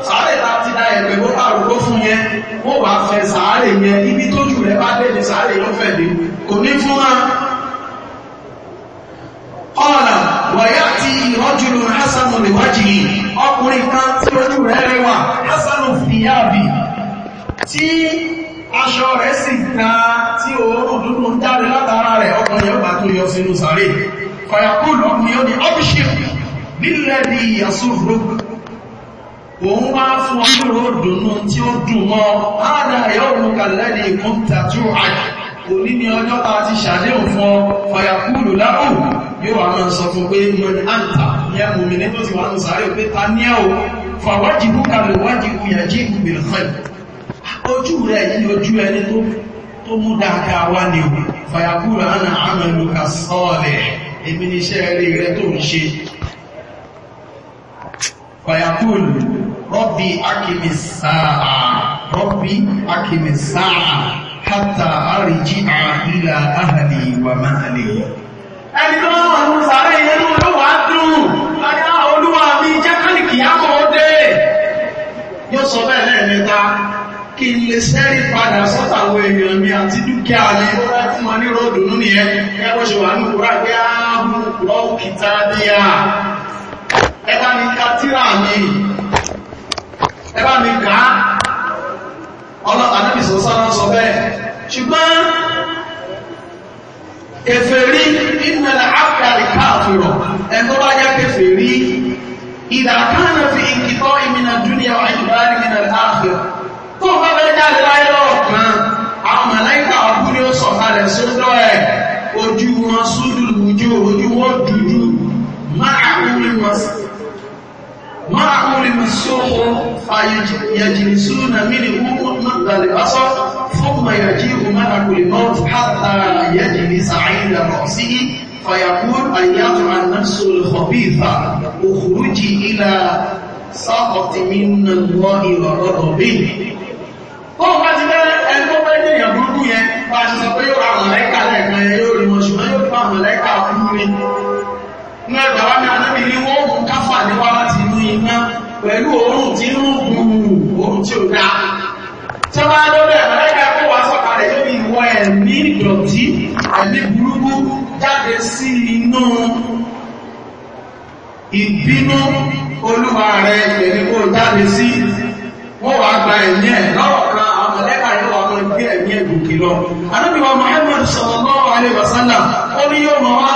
sàárè láti dá ẹ̀gbẹ̀gbọ́ àrùkọ yẹn wọ́n wà fẹ́ sàárè yẹn ibi tó jù rẹ̀ bá dé ní sàárè yóò fẹ́ dé kò ní fún wa ọ̀nà wọ̀yá ti ìrọ́jùlù hasanu níwájì ọkùnrin kan tí ojú rẹ̀ rẹwà hasanu fìyàbì tí aṣọ rẹ̀ sì ká tí oòrùn dúdú ń jáde látara rẹ̀ ọkùnrin yóò bá tó yọ sínú sàárè òun wá fún ọdún òdùnú tí ó dùn mọ́ ààrẹ ẹ̀yọ́ olùkàlẹ́lẹ̀ ìkún tàtú àjì kò ní ní ọjọ́ ta ti ṣàdéhùn fún ọ fàyàkúlù láhùn yóò wà máa sọ fún pé mọ́ni àǹtà ní ẹmùmí ní tó ti wà ní sàárè pé ta ní ẹ̀wọ̀ fàwájì búkàlù wájì ìyàjí ìgbìyànjú ojú rẹ̀ yìí ojú ẹni tó mú dáadáa wá ní fàyàkúlù àná àmàlù kàsọ́ọ̀lẹ̀ èmi ní iṣẹ́ rẹ̀ tó ń ṣe fàyàkúlù rọ́bì akimi sáà rọ́bì akimi sáà hátà àríjì àhílà ahàlì wà máa lè ẹni tó wọ́n wọ́n sàárẹ̀ ìyẹnú olówà dùn láyá olúwa mi jẹ́ kálìkì yàmọ̀ ọdẹ yóò sọ bẹ́ẹ̀ lẹ́ẹ̀mẹ́ta kí n lè sẹ́rí padà sọ́tàwọ̀ èèyàn mi àti dúkìá ní fún wọn ní ẹ bá mi kà á ọlọ́pàá níbi sọ́sọ́rọ́ sọ bẹ́ẹ̀ ṣùgbọ́n kèfèrí ìnàlẹ̀ áfíàrí káàfìrọ̀ ẹ̀tọ́ bá yá kèfèrí ìdàkánà fi ìkìtọ́ ìmìnà dúníà ìbárí ìnàlẹ̀ áfíàrí tó bá bẹ́ jáde láyé lọ́rọ̀ معه المسيوخ فيجلسون منه مدة الأصل ثم يجيء ملك الموت حتى يجلس عند رأسه فيقول أيتها النفس الخبيثة اخرجي إلى سقط من الله وغضبه Bọ́n bá ti bẹ́rẹ̀ ẹgbọ́n bẹ́rẹ̀ èèyàn burúkú yẹn, bá ti sọ pé yóò ra mọ̀lẹ́kà lẹ́ẹ̀kan yẹn yóò rí wọn ṣùgbọ́n yóò fà mọ̀lẹ́kà fún mi. Ní ẹgbàá wá ní anábì ní wọ́n iná pẹ̀lú oòrùn tí ń rùn gbùrù oòrùn tí ó dá tí ó bá lórí ẹ̀mọ́lẹ́gbẹ̀ kó wá sọ̀kalẹ̀ lórí ìwọ ẹ̀mí ìdọ̀tí ẹ̀mí burúkú jáde sí inú ìbínú olúwa rẹ̀ ìpẹ̀lú kó jáde sí wọ́n wá gba ẹ̀mí ẹ̀ lọ́rọ̀ kan àwọn mọ̀lẹ́gbà yóò wá mọ́ gbé ẹ̀mí ẹ̀gùnkì lọ. Anábìwá Muhammad sallallahu alaihi wasallam ó ní yóò mọ̀ wá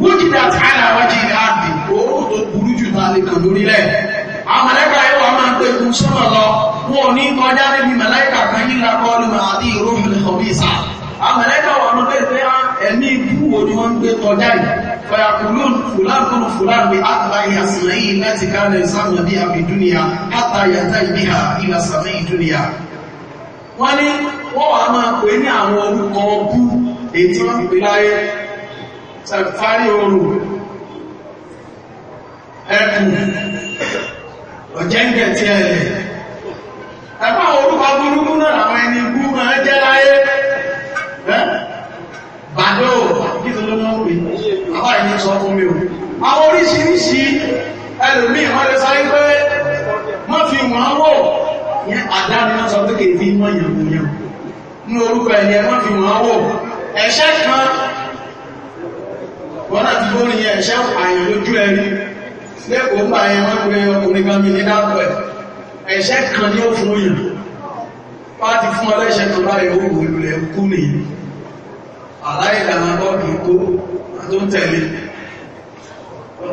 wújìdá tí a nà wájì ìdáàbì oòrùn tó burú jù náà lè kàn lórí rẹ̀ àwọn mẹ́lẹ́kà yíwa máa ń pè fún sọ́mọ̀ lọ wọn ò ní kọjá níbi mẹ́lẹ́kà kan yíra kọlu máa dí ìròhìn ọ̀bíìsà àwọn mẹ́lẹ́kà wà ló bẹ̀rẹ̀ pé ẹ̀mí ikú wo ni wọ́n ń gbé kọjá yìí fọyàkùlùn fúlàkùnù fúlàmì àtàyè àsìlẹ́yìn láti káàlẹ̀ sáàmù bí àbí dúnìyà àtàyè àtàyè bí ha ìlà sàmẹ́yìn dúnìyà wọ́n ní wọ́n wà máa pè ní àwọn wọ́n fi sàfárí oòrùn ẹkùn ọ̀jẹ́ǹgẹ̀ tí ẹ̀lẹ̀ ẹ̀bá orúkọ burúkú náà àwọn ẹni bú máa jẹ́ láyé bàdó àwọn oríṣiríṣi ẹlòmí ìwọ́lẹ̀ sáré pé wọ́n fi wọ́n wò ní àdáni wọ́n sọ tó kèé fi mọ́ ìyàwó yàn ní orúkọ ẹ̀yẹ wọ́n fi wọ́n wò ẹ̀ṣẹ́ kan wọ́n láti bórin yẹn ṣe àyàn lójú ẹ̀rí lẹ́kọ̀ọ́ ń bá ẹyẹ wọ́n pé ọkùnrin gan mi ní dápọ̀ ẹ̀ ẹ̀ṣẹ́ kan ní ó fún òyìn wọ́n ti fún ọlẹ́ṣẹ́ kan láyé owó ìlúlẹ̀ kú ní aláìlànà bọ́ọ̀kì kó tó ń tẹ̀lé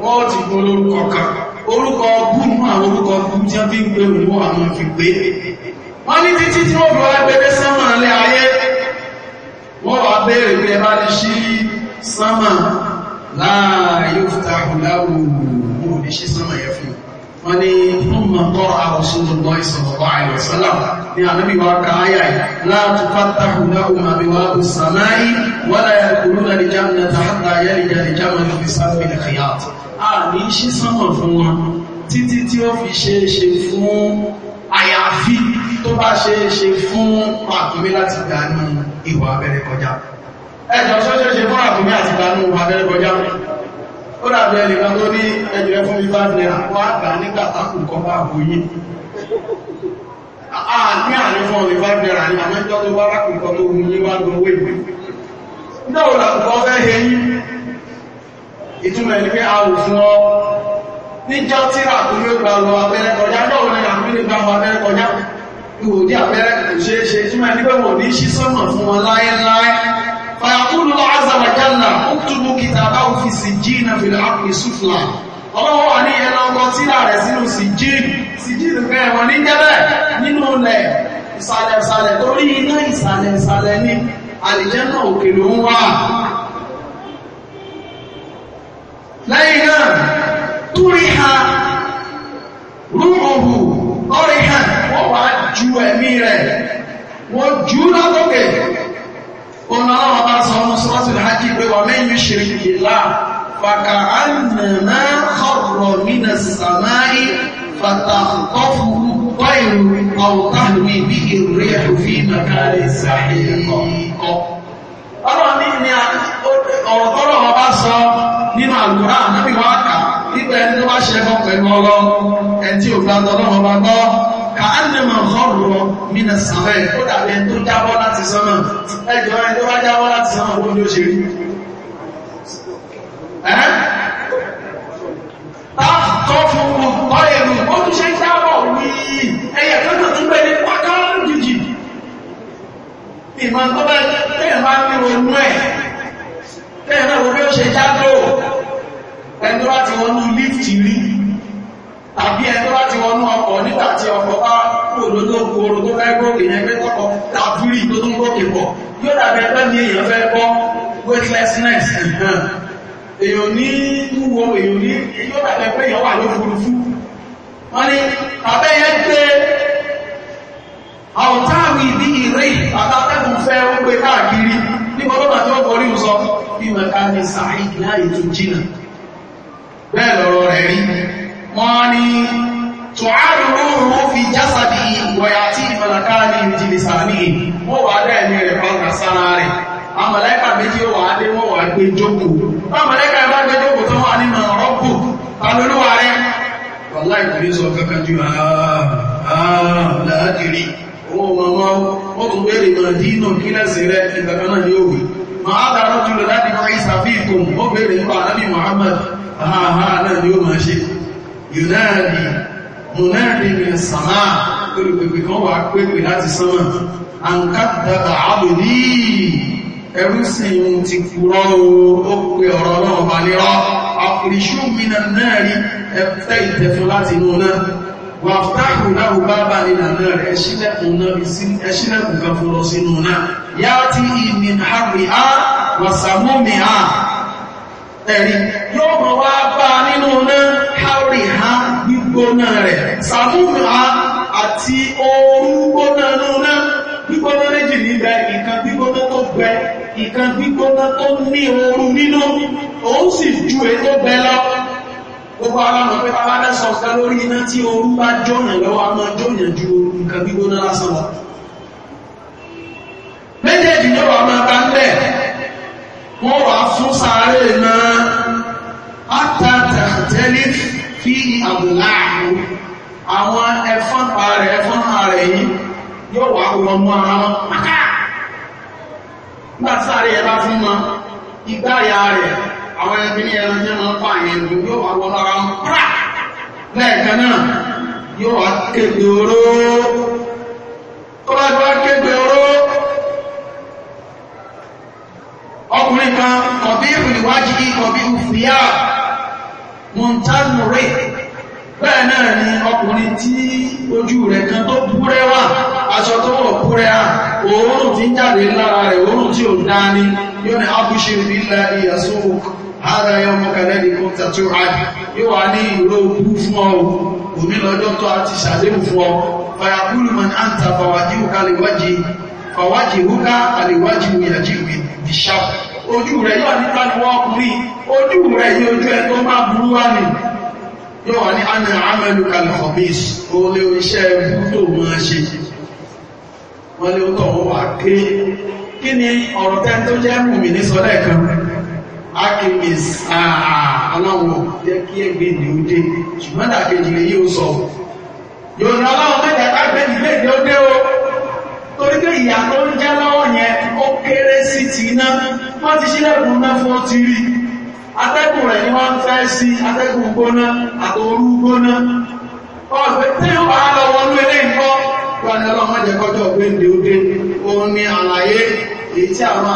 wọ́n ti gbọ́ lórúkọ kan orúkọ ọgbùn mú àwọn orúkọ ọgbùn tí wọ́n fi ń gbé òun àwọn fi gbé wọ́n ní títí tí wọ́n fi wá gbé dé sánmà lẹ́ ayé wọ́n wá béèrè pé ẹ bá lè ṣí sánmà láàáyé òfúta láwù mú ní ṣe sánmà yẹ fún wọn ni ọmọ tọ́ àwọ̀sọ́lọ́gbọ́ ìsọ̀lọ́gbọ́ àìwọ̀sọ́lá ni ànábíwá káyà látùkátàkù láwù àbíwá òsànáì wọ́lá ẹ̀kùrú na lìjá na tàhátà yẹ́ lìjá lìjá ma ní fìsáfì ní fìyàtì a ní ṣe sánmà fún wọn títí tí ó fi ṣe é ṣe ẹjọ́ ṣọ́ṣọ́ ṣe fún àkùnmí àti ìgbànú abẹ́rẹ́ kọjá ó dàbí ẹnìkan tó ní ẹjọ́ fún mi bá ní àpò àgbà nígbà tákùnkọ́ bá bò yí àní ànífọ́ mi bá ní àní àmẹ́jọ́ tó bá rákùnkọ́ tó mú yí wá gbogbo ìwé náà làkùnkọ́ fẹ́ he yí ìtumọ̀ ní pé a ò fún ọ níjọ́ tí ràkùnmí ó gbà lọ abẹ́rẹ́ kọjá náà ní àkùnmí gbà lọ abẹ́rẹ́ kọjá ìwòdí abẹ́rẹ́ kò ṣeé ṣe túmọ̀ ní pé wọ́n ní ṣí sọ́nà fún wọn láéláé فيقول الله عز وجل اكتبوا كتابه في سجين في الارض السفلى ọlọ́wọ́ wà ní ẹ̀nà ọgbọ́n tíra rẹ̀ sínú sìjíìn sìjíìn fẹ́ wọn ní jẹ́bẹ̀ nínú ilẹ̀ ìsàlẹ̀ ìsàlẹ̀ torí iná ìsàlẹ̀ ìsàlẹ̀ ní àlìjẹ́ náà òkè ń wà lẹ́yìn náà túrí ha rúhùhù lọ́rí ha wọ́n wá ju ẹ̀mí rẹ̀ wọ́n jù lọ́tọ́kẹ̀ òun náà wọ́n bá sọ ọmọ sọ́ọ́sì hajj pé wà mẹ́yìn ṣe ìlà fàkà ànàmá kọ̀rọ̀ nínà sàmáì fàtàkọ́fù wáyìrù ọ̀tàlùmí bí èrè òfin nàkàlẹ̀ sàhìkọ̀. ọlọ́ni ni ọ̀rọ̀ tọ́lọ̀ wọn bá sọ nínú àlùkùrá ànábìwá kà nígbà ẹni tó bá ṣẹ́fọ́ pẹ̀lú ọlọ́ kàánàmà rọ́rọ̀ mínà sàmẹ́ tó dàbí tó jábọ́ láti sánmà ẹjọ́ ẹni tó bá jábọ́ láti sánmà ó ní ó ṣe rí tọ́ fún ọ̀pọ̀ ẹ̀rù ó tún ṣe jábọ̀ wí ẹyẹ tó tó tún bẹ́ẹ̀ ní pọ́kọ́ jìjì ìmọ̀ tó bá tẹ́ẹ̀ bá ní ronú ẹ̀ tẹ́ẹ̀ náà wo bí ó ṣe jábọ̀ ẹni àbí ẹni tó bá ti wọnú ọkọ̀ nígbà tí ọkọ̀ bá kúrò lójú ogun oru tó fẹ́ gòkè yẹn pé kọ́kọ́ tàbúrì tó tún gòkè bọ̀ yóò dàbẹ̀ pẹ́ ní èèyàn fẹ́ bọ́ weightlessness náà èèyàn ní wúwo èèyàn ní yóò dàbẹ̀ pé èèyàn wà lófurufú wọ́n ní abẹ́yẹ gbé àwòtáàwì ìdí ìrè àtàkùn fẹ́ ó gbé káàkiri nípa ló bàtí wọ́n kọrí sọ bí mẹ́ta ní sàáì láì tó jìnà bẹ́ẹ̀ lọ́rọ̀ rẹ̀ rí wọ́n ní tùhárùn-ún fi jásàdì wọ̀yà tí ìfàlàká ní ìjìlìsà ní wọ́n wà dẹ́ ẹ̀mí rẹ̀ pàǹkà sára rẹ̀ amọ̀lẹ́kà méjì wà á lé wọ́n wà gbé jókòó amọ̀lẹ́kà ẹ̀bá gbé jókòó tó wà nínú ọ̀rọ̀kù alólúwà rẹ̀ wọ́lá ìtìrí sọ kankan jù ààrẹ̀ ah, ah, owó mọ̀mọ́ ó tún bèèrè mọ̀ dínà kí lẹ́sìn rẹ̀ ìgbàkan náà yóò yunadi munadi min sama olùpèpè kan wà pépè láti sánmà àǹkàtàkà àbòdí ẹrúsìn ti kúrọ́ ó pè ọ̀rọ̀ náà bá nírọ́ àpùrìṣú mina náà rí ẹ̀fẹ́ ìtẹ̀fún láti inú náà wà ftáàkù náà bá bá nínà náà rẹ̀ ẹ̀ṣílẹ̀kùn kan fún lọ sínú náà yá tí ìmìn harri á wà sàmúmi á ẹ̀rí yóò mọ̀ wá bá nínú náà haúrì ha gbígbóná rẹ̀ sàmúrù ha àti ooru gbóná náà gbígbóná méjì níbẹ̀ ìkan gbígbóná tó gbẹ ìkan gbígbóná tó ní ooru nínú òun sì ju ètò bẹ lọ gbogbo alámọ̀ pé alámẹ́sọ̀ ọ̀gá lórí iná tí ooru bá jọ́nà lọ́wọ́ a máa jọ́nà ju nǹkan gbígbóná lásán lọ méjèèjì yóò wà máa bá ń bẹ́ẹ̀ wọ́n wà fún sáré náà átàtà tẹ́lẹ̀ fi àmúláàmú àwọn ẹfọ́n ààrẹ ẹfọ́n ààrẹ yìí yóò wà wọ́n mú ara wọn pátá nígbà sáré ẹ bá fún wọn ìgbà ìyá rẹ̀ àwọn ẹbí ní ẹran jẹ́ máa ń pààyàn ìlú yóò wà wọ́n ara wọn pátá lẹ́ẹ̀kan náà yóò wà kéde oró ọkùnrin kan kọ̀bí ìrìnwájì kọ̀bí ìfìyà montanore bẹ́ẹ̀ náà ni ọkùnrin tí ojú rẹ̀ kan tó búrẹ́ wà aṣọ tó wọ̀ búrẹ́ à òórùn tí ń jáde lára rẹ̀ òórùn tí ò dáa ni yóò ní abúṣe ìbílẹ̀ ìyàsóò ara ẹ ọmọ kẹlẹ́dì kó tàtí ààbì tó a fàwájì húká àlèwájì ìyàjì ìwé ojú rẹ̀ ojú rẹ̀ yí ojú ẹ tó máa burú wá ní yóò wà ní anà amẹ́lú kalifobis ó lé oníṣẹ́ bútó máa ṣe jẹ́ kí ẹgbẹ́ dé ṣùgbọ́n dàkejì lè sọ aláwọ̀ mẹ́ta ìgbẹ́ o torí pé ìyà tó ń jẹ́ lọ́wọ́ yẹn ó kéré sí ti iná wọ́n ti ṣílẹ̀kùn náà fún ti rí atẹ́kùn rẹ̀ ni wọ́n ń fẹ́ sí atẹ́kùn gbóná àtòrú gbóná ọ̀pẹ́ tí ó wà lọ wọnú ilé ìfọ́ wà ní ọlọ́mọdé kọjọ́ gbéǹdé òde òun ni àlàyé èyí tí àwọn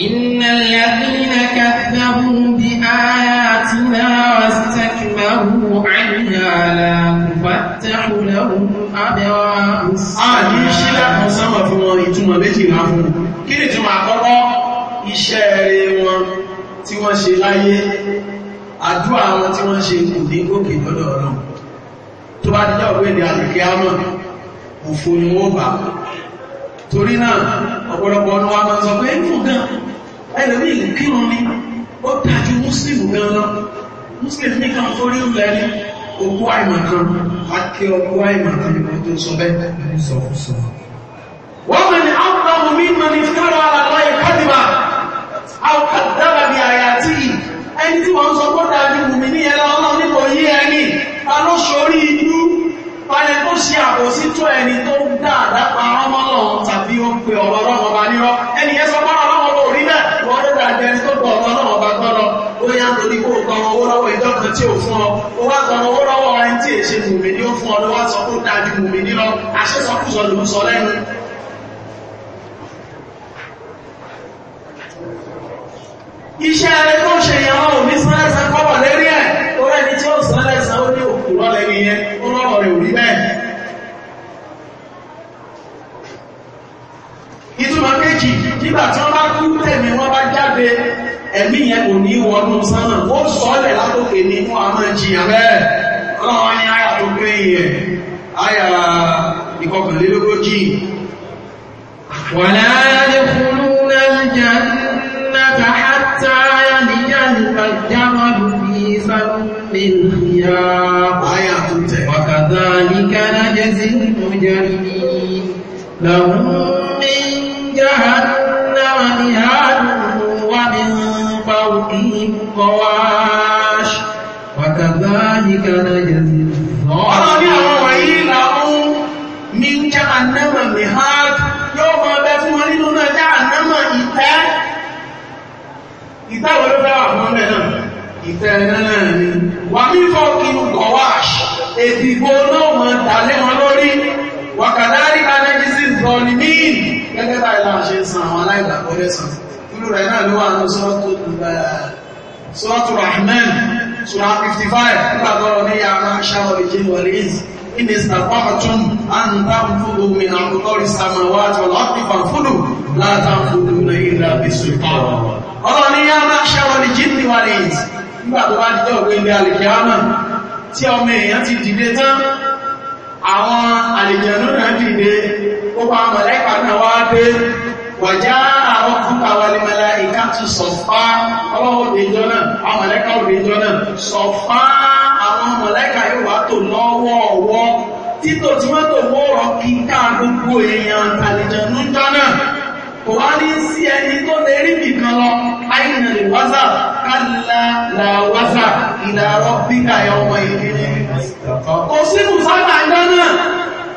إن الذين كذبوا بآياتنا واستكبروا عنها لا تفتح لهم أبواب السماء ní ah, ṣílá kan sáwà fún wọn ìtumọ̀ méjì náà fún kí ni ìtumọ̀ àkọ́kọ́ tí wọ́n ṣe láyé àdúrà wọn tí wọ́n ṣe kò ní gòkè lọ́dọ̀ ọ̀rọ̀ tó bá dídá òwe ní àdìkẹ́ àmọ́ òfò ni wọ́n bá torí náà ọ̀pọ̀lọpọ̀ ọdún wa máa sọ pé ẹ̀kùn gan ẹ̀lẹ́bí ìkírun ni ó tajú múslìmù gan lọ múslìmù ní kan forí ilẹ̀ ní ogó àìmọ̀kan akẹ́ ogó àìmọ̀kan ni wọ́n tó sọ bẹ́ẹ̀ sọ fún sọ wọ́n mẹ́rin ápùpù mi mẹ́rin fẹ́rọ aláwọ̀ ìkọ́dìbà àkàdára bí àyà tí ẹni tí wọ́n sọ pọ́tà ju mùmí ní ẹlá ọlọ́run nípa yí ẹni ta ló ṣorí inú balẹ̀ tó ṣe àbòsí tó wá tọrọ owó lọ́wọ́ ẹni tí èṣe mùmí ní ó fún ọ lọ́wọ́ sọ kó dájú mùmí ní lọ aṣẹ́sọkúsọ ló sọ lẹ́nu iṣẹ́ ẹrẹ tó ṣe ìyàwó òní sánẹ́sàn kọ́bọ̀ lérí ẹ̀ tó rẹ̀ tí ó sánẹ́sàn ó ní òkú rọ́lẹ̀ ẹ̀mí yẹn kò ní wọnú sánà ó sọ́ọ̀lẹ̀ látòkè nínú àmọ́ jìyàn bẹ́ẹ̀ ọlọ́run ní àyà tó pé yẹn àyà ìkọkànlélógójì wàlá yadkhuluna al-jannata فوقهم قواش وكذلك نجزي الظالمين من جهنم مهاد yóò máa bẹ fún wọn nínú náà jahannama ìtẹ́ ìtẹ́ wọlé fẹ́ wà fún ọlẹ́ náà ìtẹ́ náà ni wà ní fọ́ọ̀kì kọ̀wáṣ èdìbò náà mọ̀ tàlé wọn lórí wàkàdárí anájísí zọlìmí gẹ́gẹ́ báyìí láà ṣe ń san àwọn aláìgbàgbọ́lẹ́sàn irú rẹ̀ náà ló wà ní sọ́tù rahman sura 55 nígbàtọ́rọ̀ ní yàrá ṣàwọ̀lì jí wọlé ìsì in istafatun an tanfudu min aqdari samawati wal ardi fanfudu la tanfuduna illa bi sultan Allah ni ya ma shawali jinni wal ins nígbà tó bá dijo ó bá mọ̀lẹ́kà náà wá dé wọ̀já àwọn kúta wà ní mẹ́lá ìká tún sọ̀fá ọlọ́wọ́ òdèjọ́ náà àwọn mọ̀lẹ́kà òdèjọ́ náà sọ̀fá àwọn mọ̀lẹ́kà yóò wá tò lọ́wọ́ ọwọ́ títò tí wọ́n tò wọ́rọ̀ kíká gbogbo èèyàn àlìjẹ̀nú jọ́nà kò wá ní sí ẹni tó lè rí nìkan lọ àìyàn lè wáṣà kálá là wáṣà ìdàrọ́ bíkà ọmọ ìdílé kò sí mùsàlá náà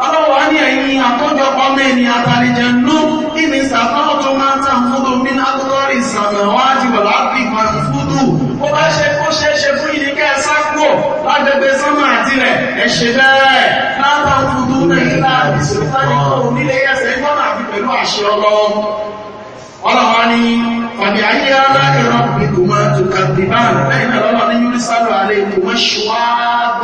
ọlọ́wọ́ ní ẹ̀yìn àkójọpọ̀ mẹ́ni àtàlìjẹ̀ nú ìmì sàtọ́ tó máa ń tàn fúdù mín àtúrọ́rì ìsànà wájú wọ̀lá bí ìgbàlù fúdù ó bá ṣe kó ṣe ṣe fún ìdíkẹ́ sákò lágbègbè sánmà àti rẹ̀ ẹ̀ṣẹ̀ bẹ́ẹ̀ látàn fúdù nàìjíríà ìṣòro فبأي آلاء ربكما تكذبان بين لون يرسل عليكما شواظ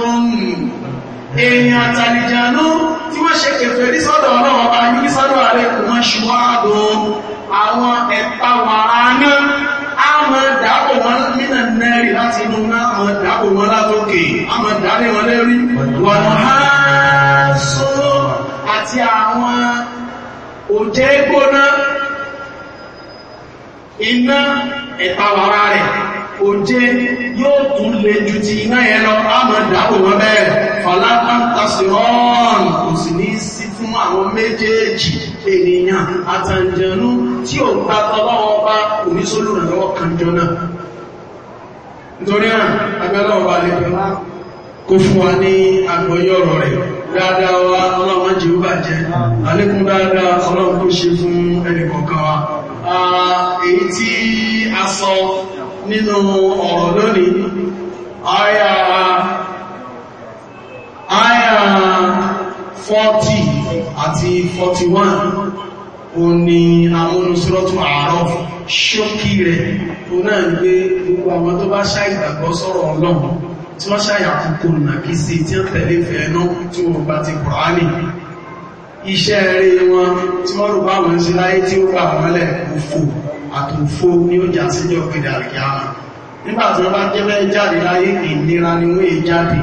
èèyàn àtàlìjànú tí wọ́n ṣe kẹfẹ́ ní sọ́dọ̀ ọlọ́wọ́ bá yí sọ́dọ̀ ààrẹ kò mọ́ ṣùgbọ́n àwọn ẹ̀pà wàránà àmọ́ dàbò wọn nínà nẹ́rì láti inú náà àmọ́ dàbò wọn látòkè àmọ́ dàbò wọn lérí wọ̀n òjé yóò tún lè ju ti iná yẹn lọ àmọ́ ìdáwò wọn bẹ́ẹ̀ fọlá pàtàkìrọ́ọ̀n kò sì ní sí fún àwọn méjèèjì ènìyàn àtàǹjẹ̀nú tí ò ń ta tọ́lọ́wọ́ bá oníṣòlùrànlọ́wọ́ kan jọ náà nítorí náà abẹ́lọ́wọ́ bá lè fẹ́lá kó fún ah, èyí tí a sọ nínú ọ̀rọ̀ lónìí àyà àyà 40 àti 41 o ni amúnusírọ́tún àárọ̀ ṣókí rẹ̀ o náà ń gbé gbogbo àwọn tó bá ṣàìgbàgbọ́ sọ̀rọ̀ ọlọ́run tí wọ́n ṣàyàkùkù nàkí sí tí ó tẹ̀lé fẹ̀ẹ́nú tí wọ́n bá ti Kùránì iṣẹ́ rẹ̀ wọn tí wọ́n rò bá wọn sí láyé tí ó gbà òfò àtòfó ní ó já síjọ́ pèdà àkíyàmà nígbàtí wọ́n bá jẹ́ bẹ́ẹ̀ jáde láyé ìnira ni wọ́n èé jáde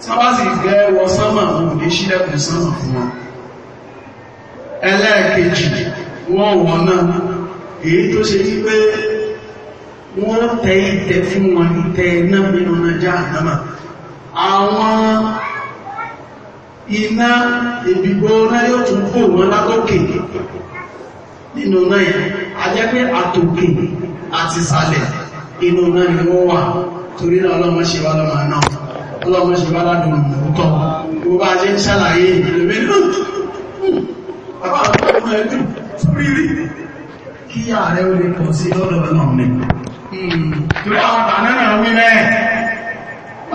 tí wọ́n bá sì gẹ́ wọ sánmà wọn ò ní sílẹ̀kùn sánmà fún wọn ẹlẹ́ẹ̀kejì wọ́n wọ̀n náà èyí tó ṣe wípé wọ́n tẹ ìtẹ fún wọn ìtẹ náà já ọjà àdámà àwọn iná ìbìgbò náà yóò tún kó wọn lágókè nínú náà ajẹ́pẹ́ àtòkè àti sàlẹ̀ inú náà ni wọ́n wà torí náà ọlọ́mọ ṣe wá lọ́mọ náà ọlọ́mọ ṣe wá ládùn ọ̀tọ̀ gbogbo bá ṣe ń ṣàlàyé ìlúmí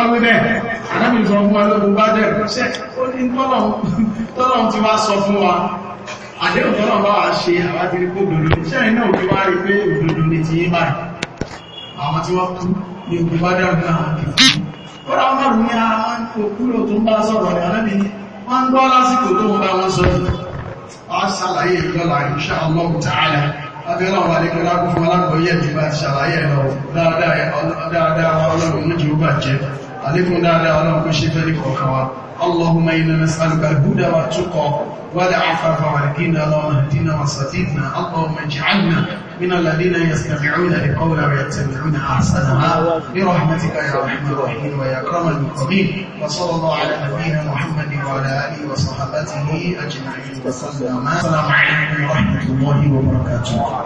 Ọgbẹ́dẹ̀, àdábìsọ fún ọlọ́gbọ́n bá dẹ̀ ṣẹ́ ó ní tọ́lọ̀ tí wá sọ fún wa àdéhùn tó náà bá wà ṣe àwádìí kó dòdò iṣẹ́ iná òkú wá rí pé òdòdó ní ti yín báyìí àwọn tí wọ́n kú ní òkú bá dáhùn náà kìí kọ́ra márùn ní àwọn òkúrò tó ń bá sọ̀rọ̀ rẹ̀ alẹ́bí wọ́n ń gbọ́ lásìkò tó ń bá wọn sọ wọ́n ṣàlàyé ìjọba insha Allah ta'ala abẹ́lá wà ní kọlá kún fún alákọ̀ọ́yẹ̀ tí bá ṣàlàyé ẹ̀rọ dáadáa ọlọ́run méjì ó bàjẹ́ àlékún dáadáa ọlọ́run kó ṣe fẹ́ ní kọ̀ọ̀kan wa اللهم إنا نسألك الهدى والتقى والعفاف والغنى اللهم اهدنا وسددنا اللهم اجعلنا من الذين يستمعون القول ويتبعون احسنها برحمتك يا ارحم الراحمين ويا اكرم المكرمين وصلى الله على نبينا محمد وعلى اله وصحبه اجمعين وسلم السلام عليكم ورحمه الله وبركاته